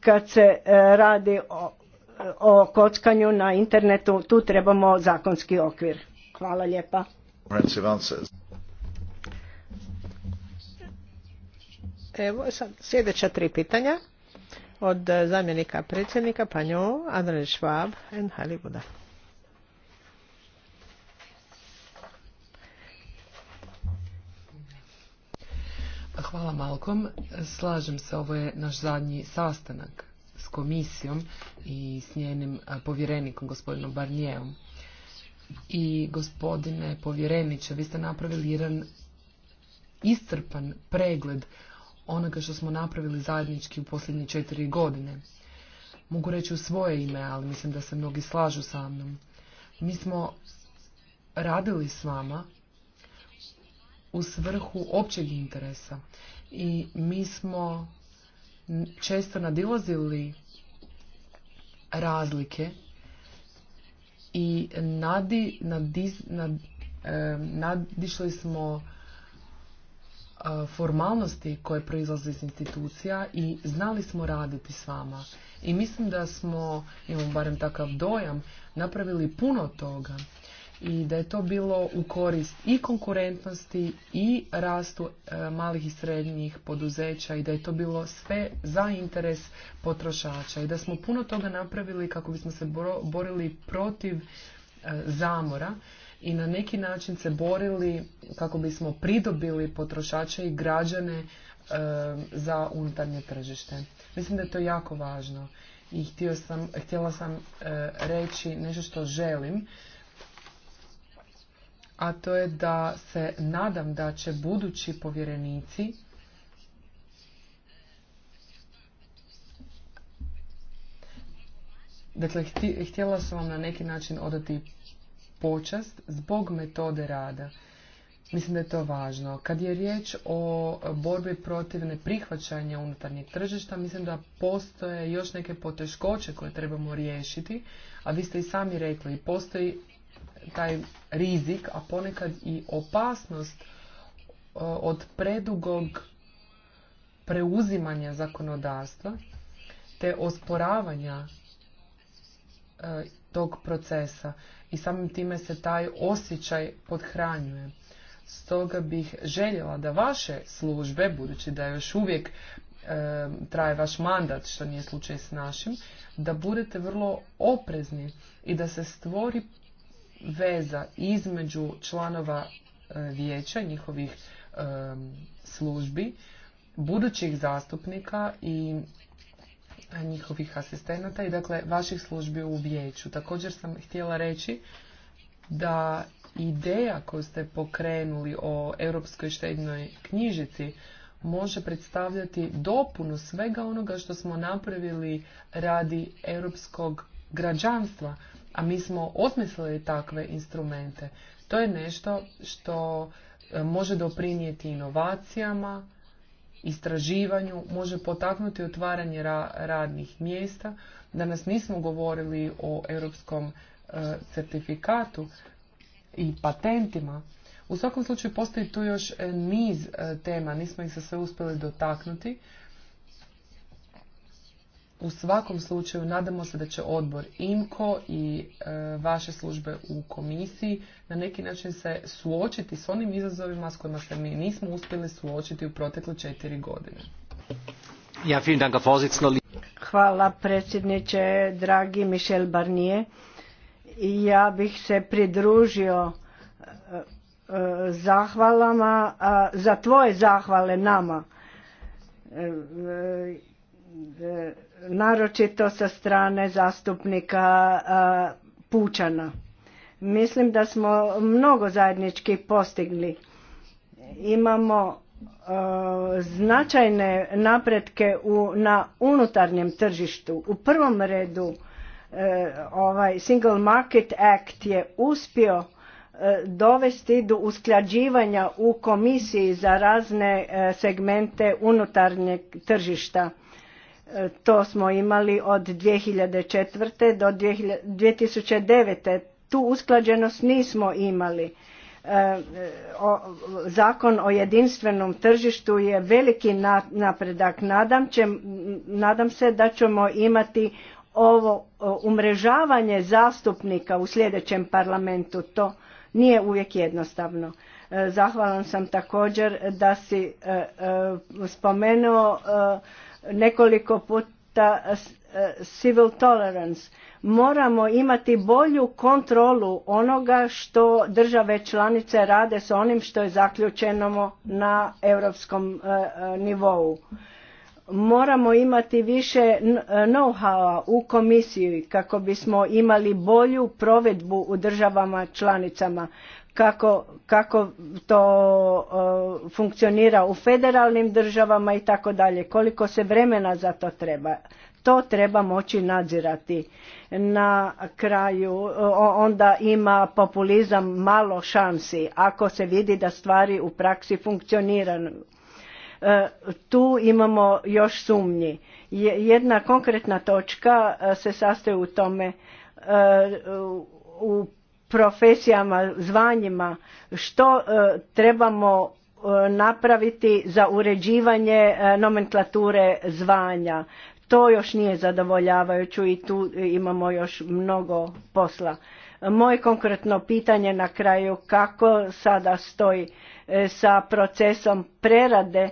kad se radi o, o kockanju na internetu, tu trebamo zakonski okvir. Hvala lijepa. Evo sljedeća tri pitanja od e, zamjenika predsjednika Panjo, Andrej Schwab i Halibuda. Pa hvala Malkom. Slažem se, ovo je naš zadnji sastanak s komisijom i s njenim e, povjerenikom, gospodinom Barnijevom. I gospodine povjereniče, vi ste napravili jedan iscrpan pregled onoga što smo napravili zajednički u posljednje četiri godine. Mogu reći u svoje ime, ali mislim da se mnogi slažu sa mnom. Mi smo radili s vama u svrhu općeg interesa i mi smo često nadilazili razlike i nadi, nadišli smo formalnosti koje proizlaze iz institucija i znali smo raditi s vama. I mislim da smo, imamo barem takav dojam, napravili puno toga i da je to bilo u korist i konkurentnosti i rastu e, malih i srednjih poduzeća i da je to bilo sve za interes potrošača i da smo puno toga napravili kako bismo se borili protiv e, zamora i na neki način se borili kako bismo pridobili potrošače i građane e, za unutarnje tržište. Mislim da je to jako važno i htio sam, htjela sam e, reći nešto što želim, a to je da se nadam da će budući povjerenici Dakle, htjela sam vam na neki način odati počast zbog metode rada. Mislim da je to važno. Kad je riječ o borbi protiv neprihvaćanja unutarnjeg tržišta, mislim da postoje još neke poteškoće koje trebamo riješiti, a vi ste i sami rekli, postoji taj rizik, a ponekad i opasnost e, od predugog preuzimanja zakonodavstva te osporavanja e, tog procesa i samim time se taj osjećaj podhranjuje. Stoga bih željela da vaše službe, budući da još uvijek traje vaš mandat, što nije slučaj s našim, da budete vrlo oprezni i da se stvori veza između članova e, vijeća njihovih službi, budućih zastupnika i njihovih asistenata i dakle vaših službi u vijeću. Također sam htjela reći da ideja koju ste pokrenuli o europskoj štednoj knjižici može predstavljati dopunu svega onoga što smo napravili radi europskog građanstva, a mi smo osmislili takve instrumente. To je nešto što e, može doprinijeti inovacijama, istraživanju, može potaknuti otvaranje radnih mjesta. Danas nismo govorili o europskom e, certifikatu i patentima. U svakom slučaju postoji tu još e, niz e, tema, nismo ih se sve uspjeli dotaknuti. U svakom slučaju nadamo se da će odbor IMKO i e, vaše službe u komisiji na neki način se suočiti s onim izazovima s kojima se mi nismo uspjeli suočiti u protekle četiri godine. Ja, Hvala predsjedniče, dragi Michel Barnier. Ja bih se pridružio e, e, zahvalama, za tvoje zahvale nama naročito sa strane zastupnika Pučana. Mislim da smo mnogo zajednički postigli. Imamo značajne napretke na unutarnjem tržištu. U prvom redu e, ovaj Single Market Act je uspio e, dovesti do usklađivanja u komisiji za razne e, segmente unutarnjeg tržišta to smo imali od 2004. do 2009. Tu usklađenost nismo imali. E, zakon o jedinstvenom tržištu je veliki napredak. Nadam, nadam se da ćemo imati ovo umrežavanje zastupnika u sljedećem parlamentu. To nije uvijek jednostavno. E, zahvalan sam također da si e, spomenuo nekoliko puta e, civil tolerance. Moramo imati bolju kontrolu onoga što države članice rade s onim što je zaključeno na europskom e, e, nivou. Moramo imati više know a u komisiji kako bismo imali bolju provedbu u državama članicama kako, kako to funkcionira u federalnim državama i tako dalje, koliko se vremena za to treba. To treba moći nadzirati. Na kraju onda ima populizam malo šansi ako se vidi da stvari u praksi funkcioniraju. E, tu imamo još sumnji. Jedna konkretna točka e, se sastoji u tome e, u profesijama, zvanjima, što e, trebamo e, napraviti za uređivanje e, nomenklature zvanja. To još nije zadovoljavajuću i tu imamo još mnogo posla. Moje konkretno pitanje na kraju kako sada stoji sa procesom prerade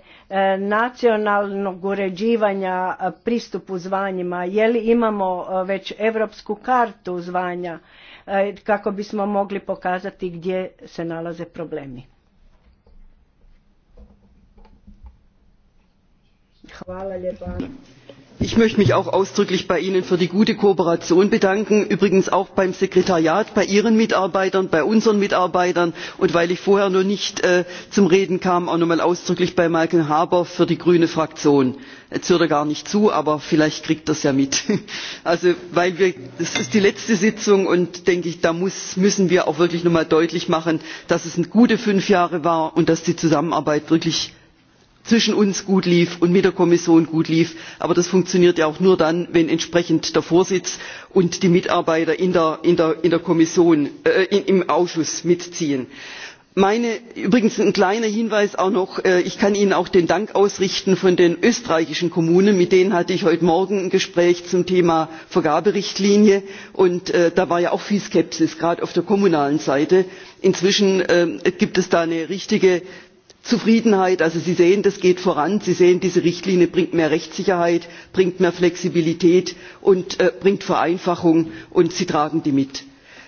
nacionalnog uređivanja pristupu zvanjima, je li imamo već europsku kartu zvanja E, kako bismo mogli pokazati gdje se nalaze problemi. Hvala ich möchte mich auch ausdrücklich bei ihnen für die gute kooperation bedanken übrigens auch beim sekretariat bei ihren mitarbeitern bei unseren mitarbeitern und weil ich vorher noch nicht äh, zum reden kam auch noch einmal ausdrücklich bei malcolm harbour für die grüne fraktion. jetzt hört er gar nicht zu aber vielleicht kriegt er es ja mit. also weil es ist die letzte sitzung und denke ich da müssen wir auch wirklich noch einmal deutlich machen dass es eine gute fünf jahre waren und dass die zusammenarbeit wirklich zwischen uns gut lief und mit der kommission gut lief aber das funktioniert ja auch nur dann wenn entsprechend der vorsitz und die mitarbeiter in der, kommission äh, im ausschuss mitziehen. übrigens ein kleiner hinweis auch noch äh, ich kann ihnen auch den dank ausrichten von den österreichischen kommunen mit denen hatte ich heute morgen ein gespräch zum thema vergaberichtlinie und äh, da war ja auch viel skepsis gerade auf der kommunalen seite. inzwischen ähm, gibt es da eine richtige zufriedenheit also sie sehen das geht voran sie sehen diese richtlinie bringt mehr rechtssicherheit bringt mehr flexibilität und äh, bringt vereinfachung und sie tragen die mit.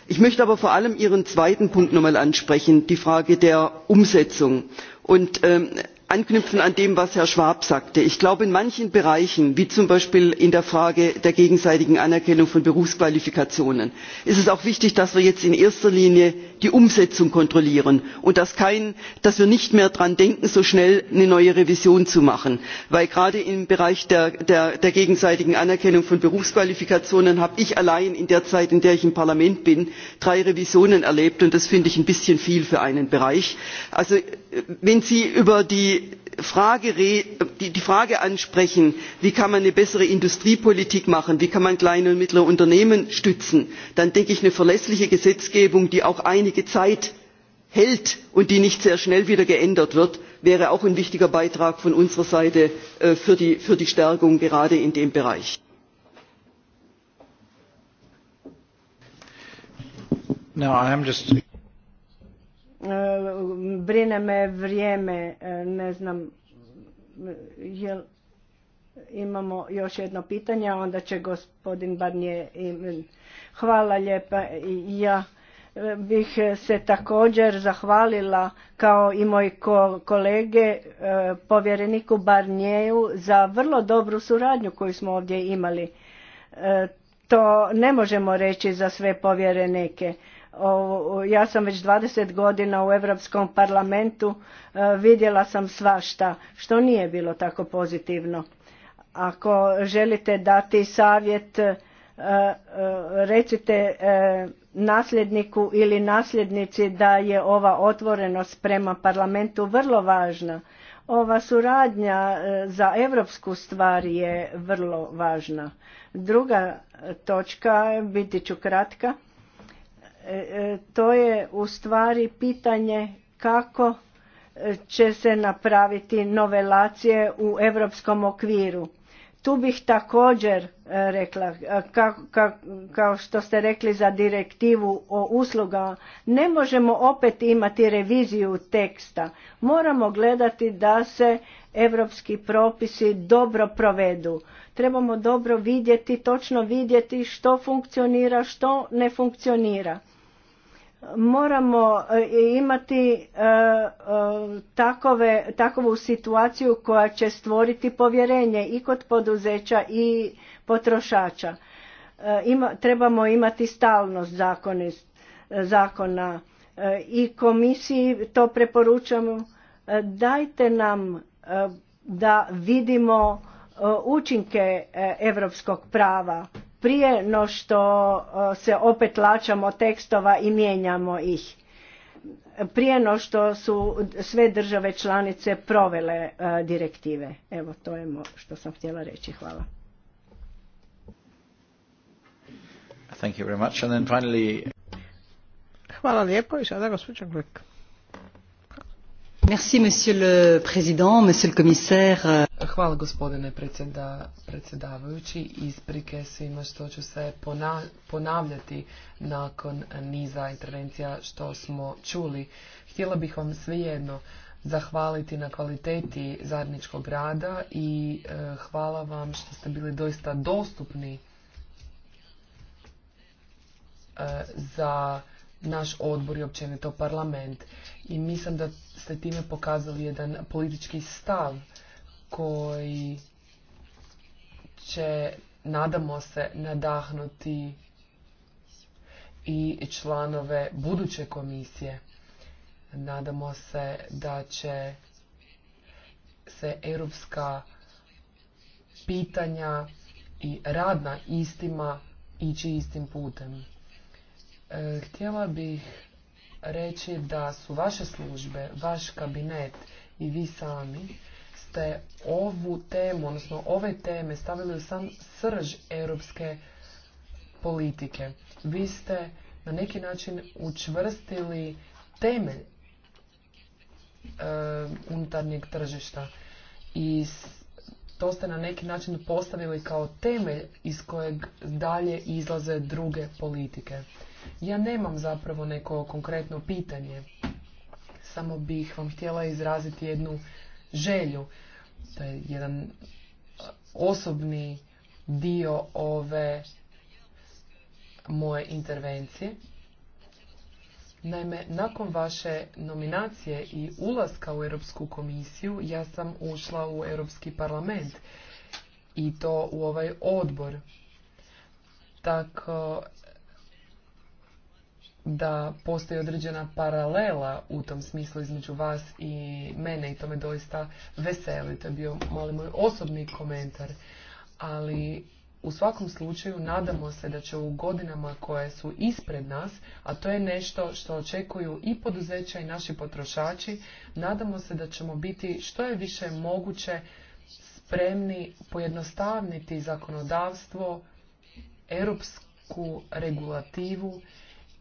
ich möchte aber vor allem ihren zweiten punkt noch einmal ansprechen die frage der umsetzung und ähm, anknüpfen an dem was herr schwab sagte ich glaube in manchen bereichen wie zum beispiel in der frage der gegenseitigen anerkennung von berufsqualifikationen ist es auch wichtig dass wir jetzt in erster linie die umsetzung kontrollieren und dass wir nicht mehr daran denken so schnell eine neue revision zu machen denn gerade im bereich der gegenseitigen anerkennung von berufsqualifikationen habe ich allein in der zeit in der ich im parlament bin drei revisionen erlebt und das finde ich ein bisschen viel für einen bereich. also wenn sie über die die frage, die frage ansprechen wie kann man eine bessere industriepolitik machen wie kann man kleine und mittlere unternehmen stützen dann denke ich eine verlässliche gesetzgebung die auch einige zeit hält und die nicht sehr schnell wieder geändert wird wäre auch ein wichtiger beitrag von unserer seite äh, für die, stärkung gerade in dem bereich brine me vrijeme, e, ne znam, jel imamo još jedno pitanje, onda će gospodin Barnije, hvala lijepa ja e, bih se također zahvalila kao i moji kolege e, povjereniku Barnijeju za vrlo dobru suradnju koju smo ovdje imali. To ne možemo reći za sve povjerenike ja sam već 20 godina u Europskom parlamentu, e, vidjela sam svašta, što nije bilo tako pozitivno. Ako želite dati savjet, e, e, recite nasljedniku ili nasljednici da je ova otvorenost prema parlamentu vrlo važna. Ova suradnja za evropsku stvar je vrlo važna. Druga točka, biti ću kratka E, e, to je u stvari pitanje kako e, će se napraviti novelacije u europskom okviru. Tu bih također rekla, kao što ste rekli za direktivu o uslugama, ne možemo opet imati reviziju teksta. Moramo gledati da se europski propisi dobro provedu. Trebamo dobro vidjeti, točno vidjeti što funkcionira, što ne funkcionira moramo e, imati e, e, takove, takovu situaciju koja će stvoriti povjerenje i kod poduzeća i potrošača. Ima, trebamo imati stalnost zakona i komisiji to preporučamo. Dajte nam da vidimo učinke europskog prava prije no što e, se opet lačamo tekstova i mijenjamo ih prije no što su sve države članice provele e, direktive. Evo, to je što sam htjela reći. Hvala. Thank you very much. And then finally... Hvala lijepo i sada gospođa Hvala gospodine predsjedavajući. Isprike svima što ću se ponavljati nakon niza intervencija što smo čuli. Htjela bih vam svejedno zahvaliti na kvaliteti zajedničkog rada i e, hvala vam što ste bili doista dostupni e, za naš odbor i općenito parlament. I mislim da ste time pokazali jedan politički stav koji će, nadamo se, nadahnuti i članove buduće komisije. Nadamo se da će se europska pitanja i rad na istima ići istim putem. E, htjela bih reći da su vaše službe, vaš kabinet i vi sami ste ovu temu, odnosno ove teme stavili u sam srž europske politike. Vi ste na neki način učvrstili temelj e, unutarnjeg tržišta i to ste na neki način postavili kao temelj iz kojeg dalje izlaze druge politike. Ja nemam zapravo neko konkretno pitanje, samo bih vam htjela izraziti jednu želju. To je jedan e, osobni dio ove moje intervencije. Naime, nakon vaše nominacije i ulaska u Europsku komisiju, ja sam ušla u Europski parlament i to u ovaj odbor. Tako da postoji određena paralela u tom smislu između vas i mene i to me doista veseli. To je bio mali moj osobni komentar. Ali u svakom slučaju nadamo se da će u godinama koje su ispred nas, a to je nešto što očekuju i poduzeća i naši potrošači, nadamo se da ćemo biti što je više moguće spremni pojednostavniti zakonodavstvo, europsku regulativu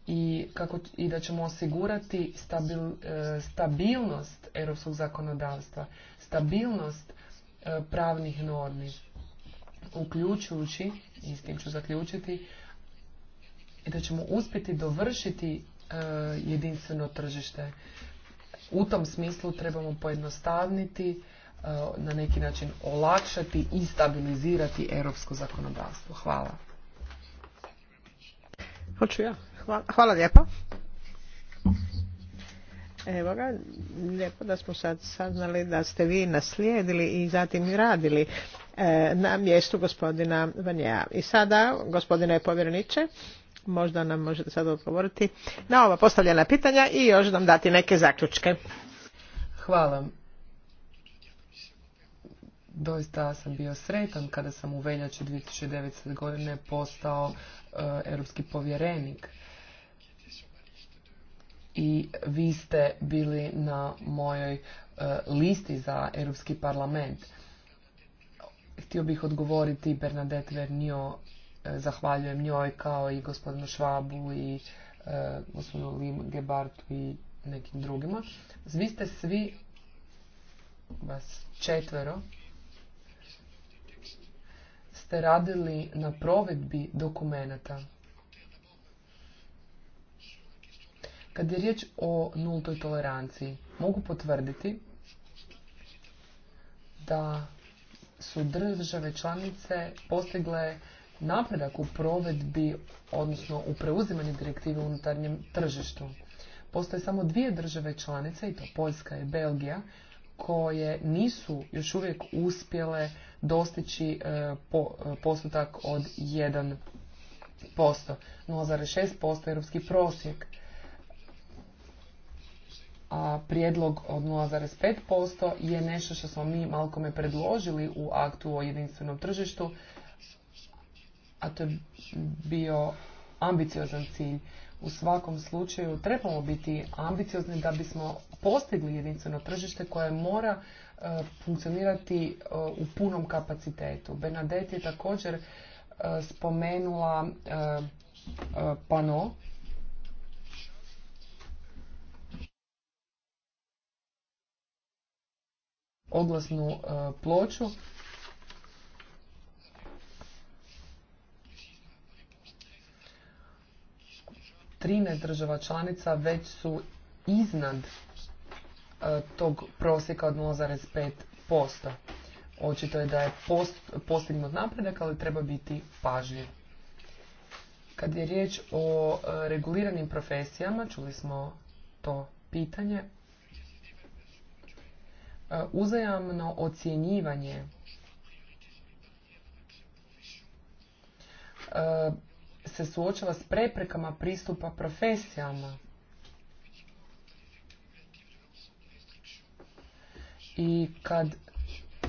i, kako, i da ćemo osigurati stabil, e, stabilnost europskog zakonodavstva, stabilnost e, pravnih normi, uključujući, i s tim ću zaključiti, i da ćemo uspjeti dovršiti e, jedinstveno tržište. U tom smislu trebamo pojednostavniti, na neki način olakšati i stabilizirati europsko zakonodavstvo. Hvala. Hoću ja. Hvala, lijepo. Evo ga, lijepo da smo sad saznali da ste vi naslijedili i zatim radili e, na mjestu gospodina Vanjeja. I sada, gospodine povjereniče, možda nam možete sad odgovoriti na ova postavljena pitanja i još nam dati neke zaključke. Hvala. Doista sam bio sretan kada sam u veljači 2009. godine postao e, europski povjerenik i vi ste bili na mojoj e, listi za Europski parlament. Htio bih odgovoriti Bernadette Vernio, e, zahvaljujem njoj kao i gospodinu Švabu i e, gospodinu Lim Gebartu i nekim drugima. Vi ste svi, vas četvero, ste radili na provedbi dokumenata Kad je riječ o nultoj toleranciji, mogu potvrditi da su države članice postigle napredak u provedbi, odnosno u preuzimanju direktive u unutarnjem tržištu. Postoje samo dvije države članice, i to Poljska i Belgija, koje nisu još uvijek uspjele dostići e, po, e, postotak od 1%, 0,6% europski prosjek prijedlog od 0,5% je nešto što smo mi malkome predložili u aktu o jedinstvenom tržištu, a to je bio ambiciozan cilj. U svakom slučaju trebamo biti ambiciozni da bismo postigli jedinstveno tržište koje mora e, funkcionirati e, u punom kapacitetu. Bernadette je također e, spomenula pano oglasnu e, ploču. Trinaest država članica već su iznad e, tog prosjeka od 0,5%. Očito je da je postignut napredak, ali treba biti pažljiv. Kad je riječ o e, reguliranim profesijama, čuli smo to pitanje, E, uzajamno ocjenjivanje e, se suočava s preprekama pristupa profesijama i kad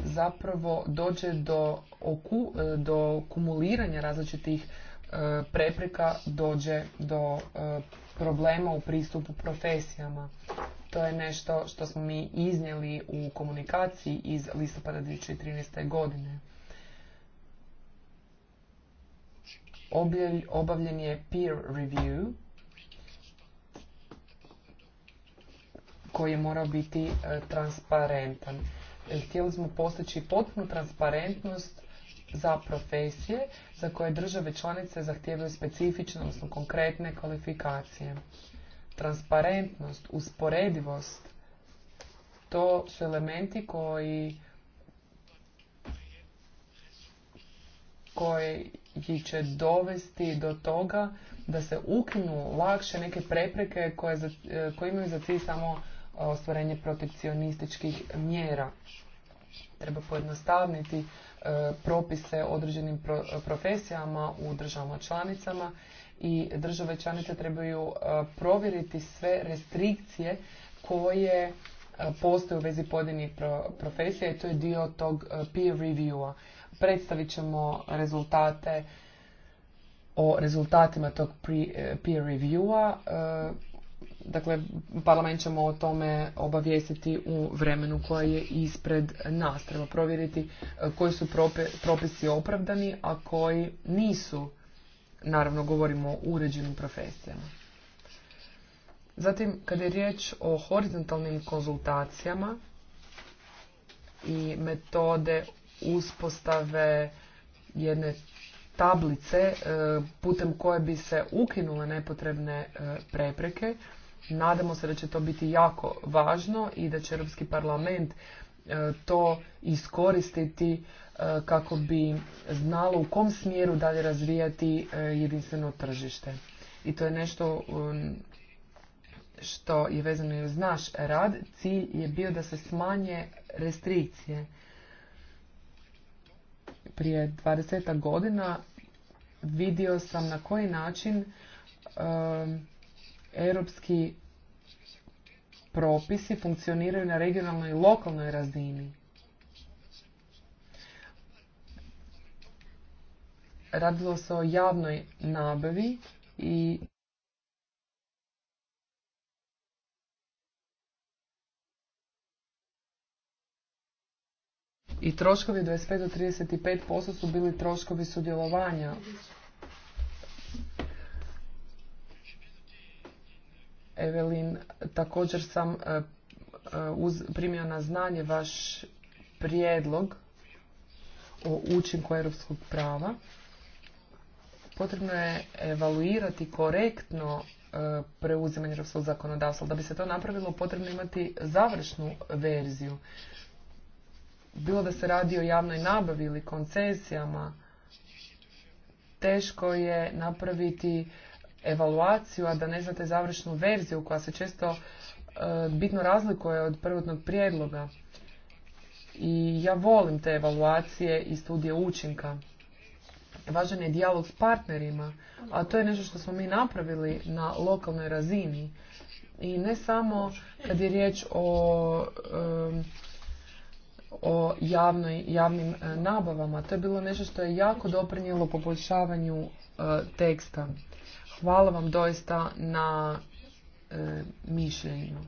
zapravo dođe do, e, do kumuliranja različitih prepreka dođe do problema u pristupu profesijama to je nešto što smo mi iznijeli u komunikaciji iz listopada 2013. godine. Obavljen je peer review koji je morao biti e, transparentan. E, htjeli smo postići potpunu transparentnost za profesije za koje države članice zahtijevaju specifične, odnosno konkretne kvalifikacije transparentnost, usporedivost, to su elementi koji koji će dovesti do toga da se ukinu lakše neke prepreke koje, koje imaju za cilj samo e, ostvarenje protekcionističkih mjera. Treba pojednostavniti e, propise određenim profesijama u državama članicama i države članice trebaju e, provjeriti sve restrikcije koje e, postoje u vezi pojedinih profesija i to je dio tog e, peer reviewa. Predstavit ćemo rezultate o rezultatima tog peer reviewa. Dakle, parlament ćemo o tome obavijestiti u vremenu koje je ispred nas. Treba provjeriti koji su propisi opravdani, a koji nisu Naravno, govorimo o uređenim profesijama. Zatim, kada je riječ o horizontalnim konzultacijama i metode uspostave jedne tablice e, putem koje bi se ukinule nepotrebne e, prepreke, nadamo se da će to biti jako važno i da će Europski parlament E, to iskoristiti e, kako bi znalo u kom smjeru dalje razvijati e, jedinstveno tržište. I to je nešto um, što je vezano i uz naš rad. Cilj je bio da se smanje restrikcije. Prije 20 godina vidio sam na koji način um, europski propisi funkcioniraju na regionalnoj i lokalnoj razini. Radilo se o javnoj nabavi i i troškovi 25 do 35% su bili troškovi sudjelovanja Evelin, također sam e, e, primio na znanje vaš prijedlog o učinku europskog prava. Potrebno je evaluirati korektno e, preuzimanje europskog zakonodavstva. Da bi se to napravilo, potrebno imati završnu verziju. Bilo da se radi o javnoj nabavi ili koncesijama, teško je napraviti evaluaciju, a da ne znate završnu verziju koja se često e, bitno razlikuje od prvotnog prijedloga. I ja volim te evaluacije i studije učinka. Važan je dijalog s partnerima, a to je nešto što smo mi napravili na lokalnoj razini. I ne samo kad je riječ o, o javnoj, javnim e, nabavama. To je bilo nešto što je jako doprinijelo poboljšavanju e, teksta. Hvala vam doista na e, mišljenju. E,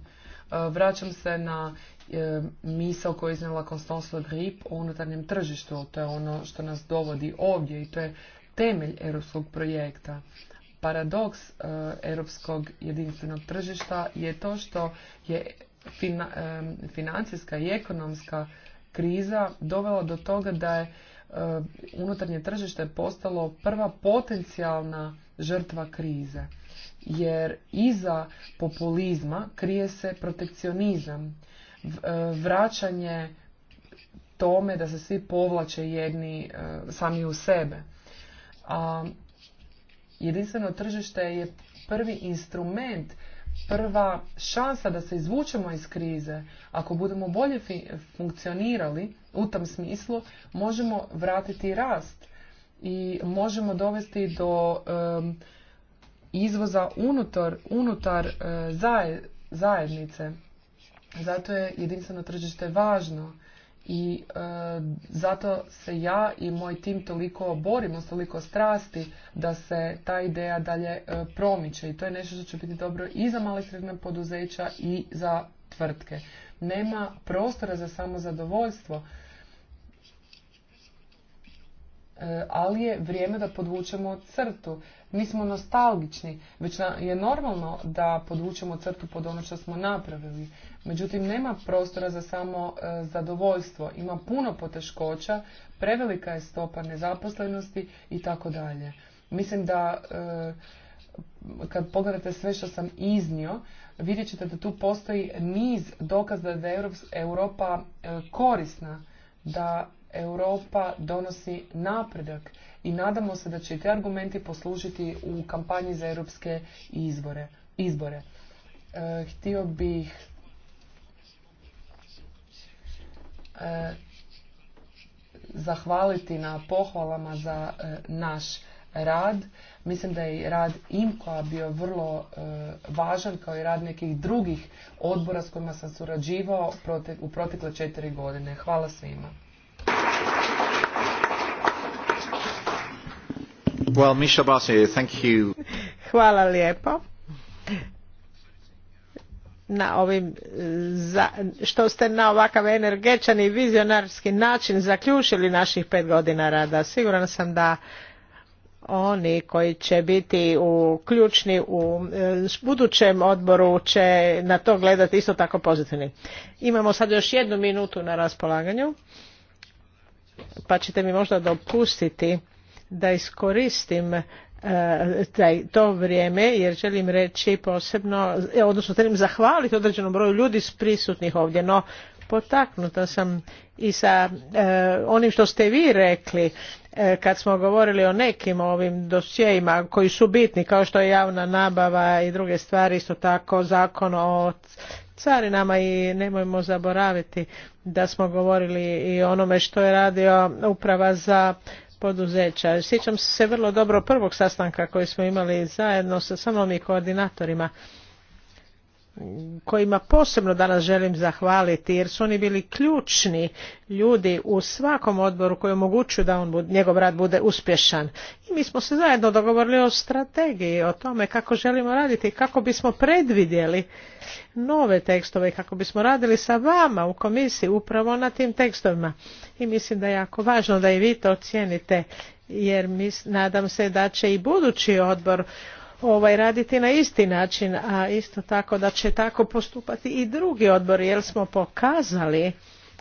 vraćam se na e, misao koju je iznijela Constance Grip o unutarnjem tržištu. To je ono što nas dovodi ovdje i to je temelj europskog projekta. Paradoks europskog jedinstvenog tržišta je to što je financijska i ekonomska kriza dovela do toga da je unutarnje tržište postalo prva potencijalna žrtva krize. Jer iza populizma krije se protekcionizam, e, vraćanje tome da se svi povlače jedni e, sami u sebe. A jedinstveno tržište je prvi instrument, prva šansa da se izvučemo iz krize. Ako budemo bolje funkcionirali u tom smislu, možemo vratiti rast i možemo dovesti do izvoza unutar, unutar e, zajednice. Zato je jedinstveno tržište važno i e, zato se ja i moj tim toliko borimo s toliko strasti da se ta ideja dalje e, promiče i to je nešto što će biti dobro i za male srednje poduzeća i za tvrtke nema prostora za samozadovoljstvo E, ali je vrijeme da podvučemo crtu. Mi smo nostalgični, već je normalno da podvučemo crtu pod ono što smo napravili. Međutim, nema prostora za samo e, zadovoljstvo. Ima puno poteškoća, prevelika je stopa nezaposlenosti i tako dalje. Mislim da e, kad pogledate sve što sam iznio, vidjet ćete da tu postoji niz dokaza da je Europa korisna, da Europa donosi napredak i nadamo se da će te argumenti poslužiti u kampanji za europske izbore. izbore. E, htio bih e, zahvaliti na pohvalama za e, naš rad. Mislim da je rad IMKO bio vrlo važan kao i rad nekih drugih odbora s kojima sam surađivao u protekle četiri godine. Hvala svima. Hvala lijepo na ovim za, što ste na ovakav energetičan i vizionarski način zaključili naših pet godina rada. Siguran sam da oni koji će biti u, ključni u e, budućem odboru će na to gledati isto tako pozitivni. Imamo sad još jednu minutu na raspolaganju pa ćete mi možda dopustiti da iskoristim e, taj, to vrijeme jer želim reći posebno, e, odnosno želim zahvaliti određenom broju ljudi prisutnih ovdje, no potaknuta sam i sa e, onim što ste vi rekli kad smo govorili o nekim ovim dosjejima koji su bitni kao što je javna nabava i druge stvari isto tako zakon o carinama i nemojmo zaboraviti da smo govorili i o onome što je radio uprava za poduzeća. Sjećam se vrlo dobro prvog sastanka koji smo imali zajedno sa samom i koordinatorima kojima posebno danas želim zahvaliti jer su oni bili ključni ljudi u svakom odboru koji omogućuju da on, njegov rad bude uspješan. I mi smo se zajedno dogovorili o strategiji, o tome kako želimo raditi, kako bismo predvidjeli nove tekstove kako bismo radili sa vama u komisiji upravo na tim tekstovima i mislim da je jako važno da i vi to ocijenite. jer mis, nadam se da će i budući odbor ovaj raditi na isti način a isto tako da će tako postupati i drugi odbori jer smo pokazali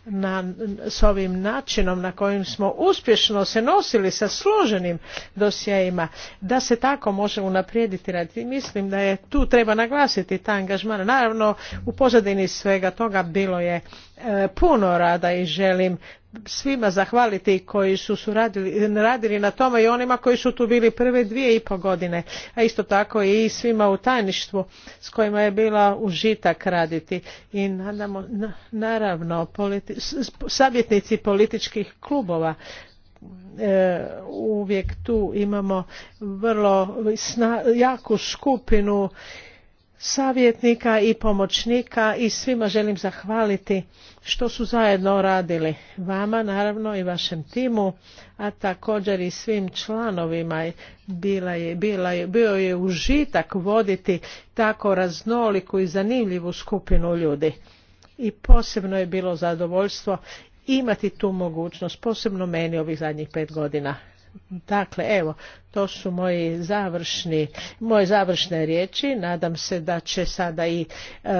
na, s ovim načinom na kojim smo uspješno se nosili sa složenim dosjejima da se tako može unaprijediti i mislim da je tu treba naglasiti ta angažman naravno u pozadini svega toga bilo je e, puno rada i želim svima zahvaliti koji su, radili, na tome i onima koji su tu bili prve dvije i pol godine, a isto tako i svima u tajništvu s kojima je bila užitak raditi. I nadamo, naravno, savjetnici političkih klubova e, uvijek tu imamo vrlo jaku skupinu savjetnika i pomoćnika i svima želim zahvaliti što su zajedno radili vama naravno i vašem timu a također i svim članovima bila je, bila je, bio je užitak voditi tako raznoliku i zanimljivu skupinu ljudi i posebno je bilo zadovoljstvo imati tu mogućnost posebno meni ovih zadnjih pet godina Dakle, evo, to su moji završni, moje završne riječi. Nadam se da će sada i e,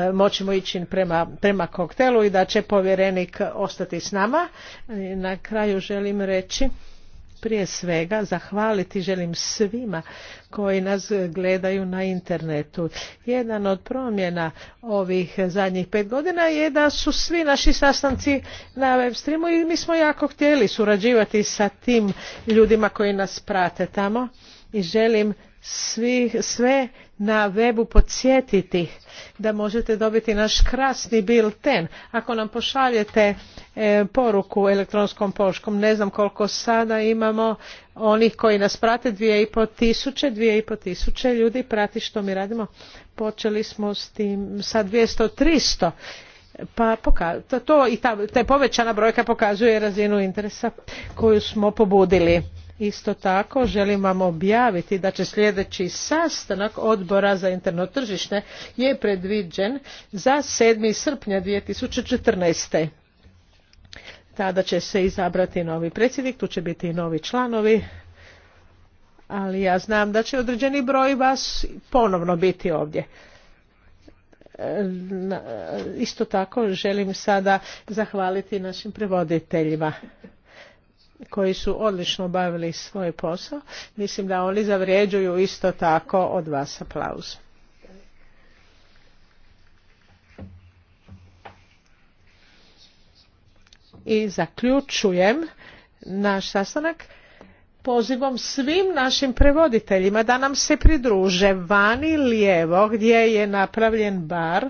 ići prema, prema koktelu i da će povjerenik ostati s nama. E, na kraju želim reći prije svega zahvaliti želim svima koji nas gledaju na internetu. Jedan od promjena ovih zadnjih pet godina je da su svi naši sastanci na web streamu i mi smo jako htjeli surađivati sa tim ljudima koji nas prate tamo i želim svi, sve na webu podsjetiti da možete dobiti naš krasni bilten. Ako nam pošaljete e, poruku elektronskom poškom, ne znam koliko sada imamo onih koji nas prate, dvije i po tisuće, dvije i po tisuće ljudi prati što mi radimo. Počeli smo s tim sa 200-300 pa to i ta, povećana brojka pokazuje razinu interesa koju smo pobudili. Isto tako želim vam objaviti da će sljedeći sastanak odbora za interno tržište je predviđen za 7. srpnja 2014. Tada će se izabrati novi predsjednik, tu će biti i novi članovi, ali ja znam da će određeni broj vas ponovno biti ovdje. Isto tako želim sada zahvaliti našim prevoditeljima koji su odlično obavili svoj posao. Mislim da oni zavrijeđuju isto tako od vas aplauz. I zaključujem naš sastanak pozivom svim našim prevoditeljima da nam se pridruže vani lijevo gdje je napravljen bar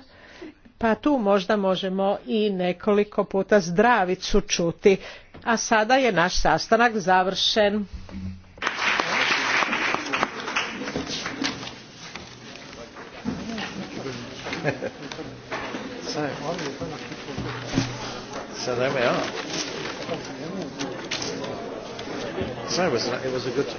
pa tu možda možemo i nekoliko puta zdravicu čuti a sada je naš sastanak završen. Sada evo ja. So it was, it was a good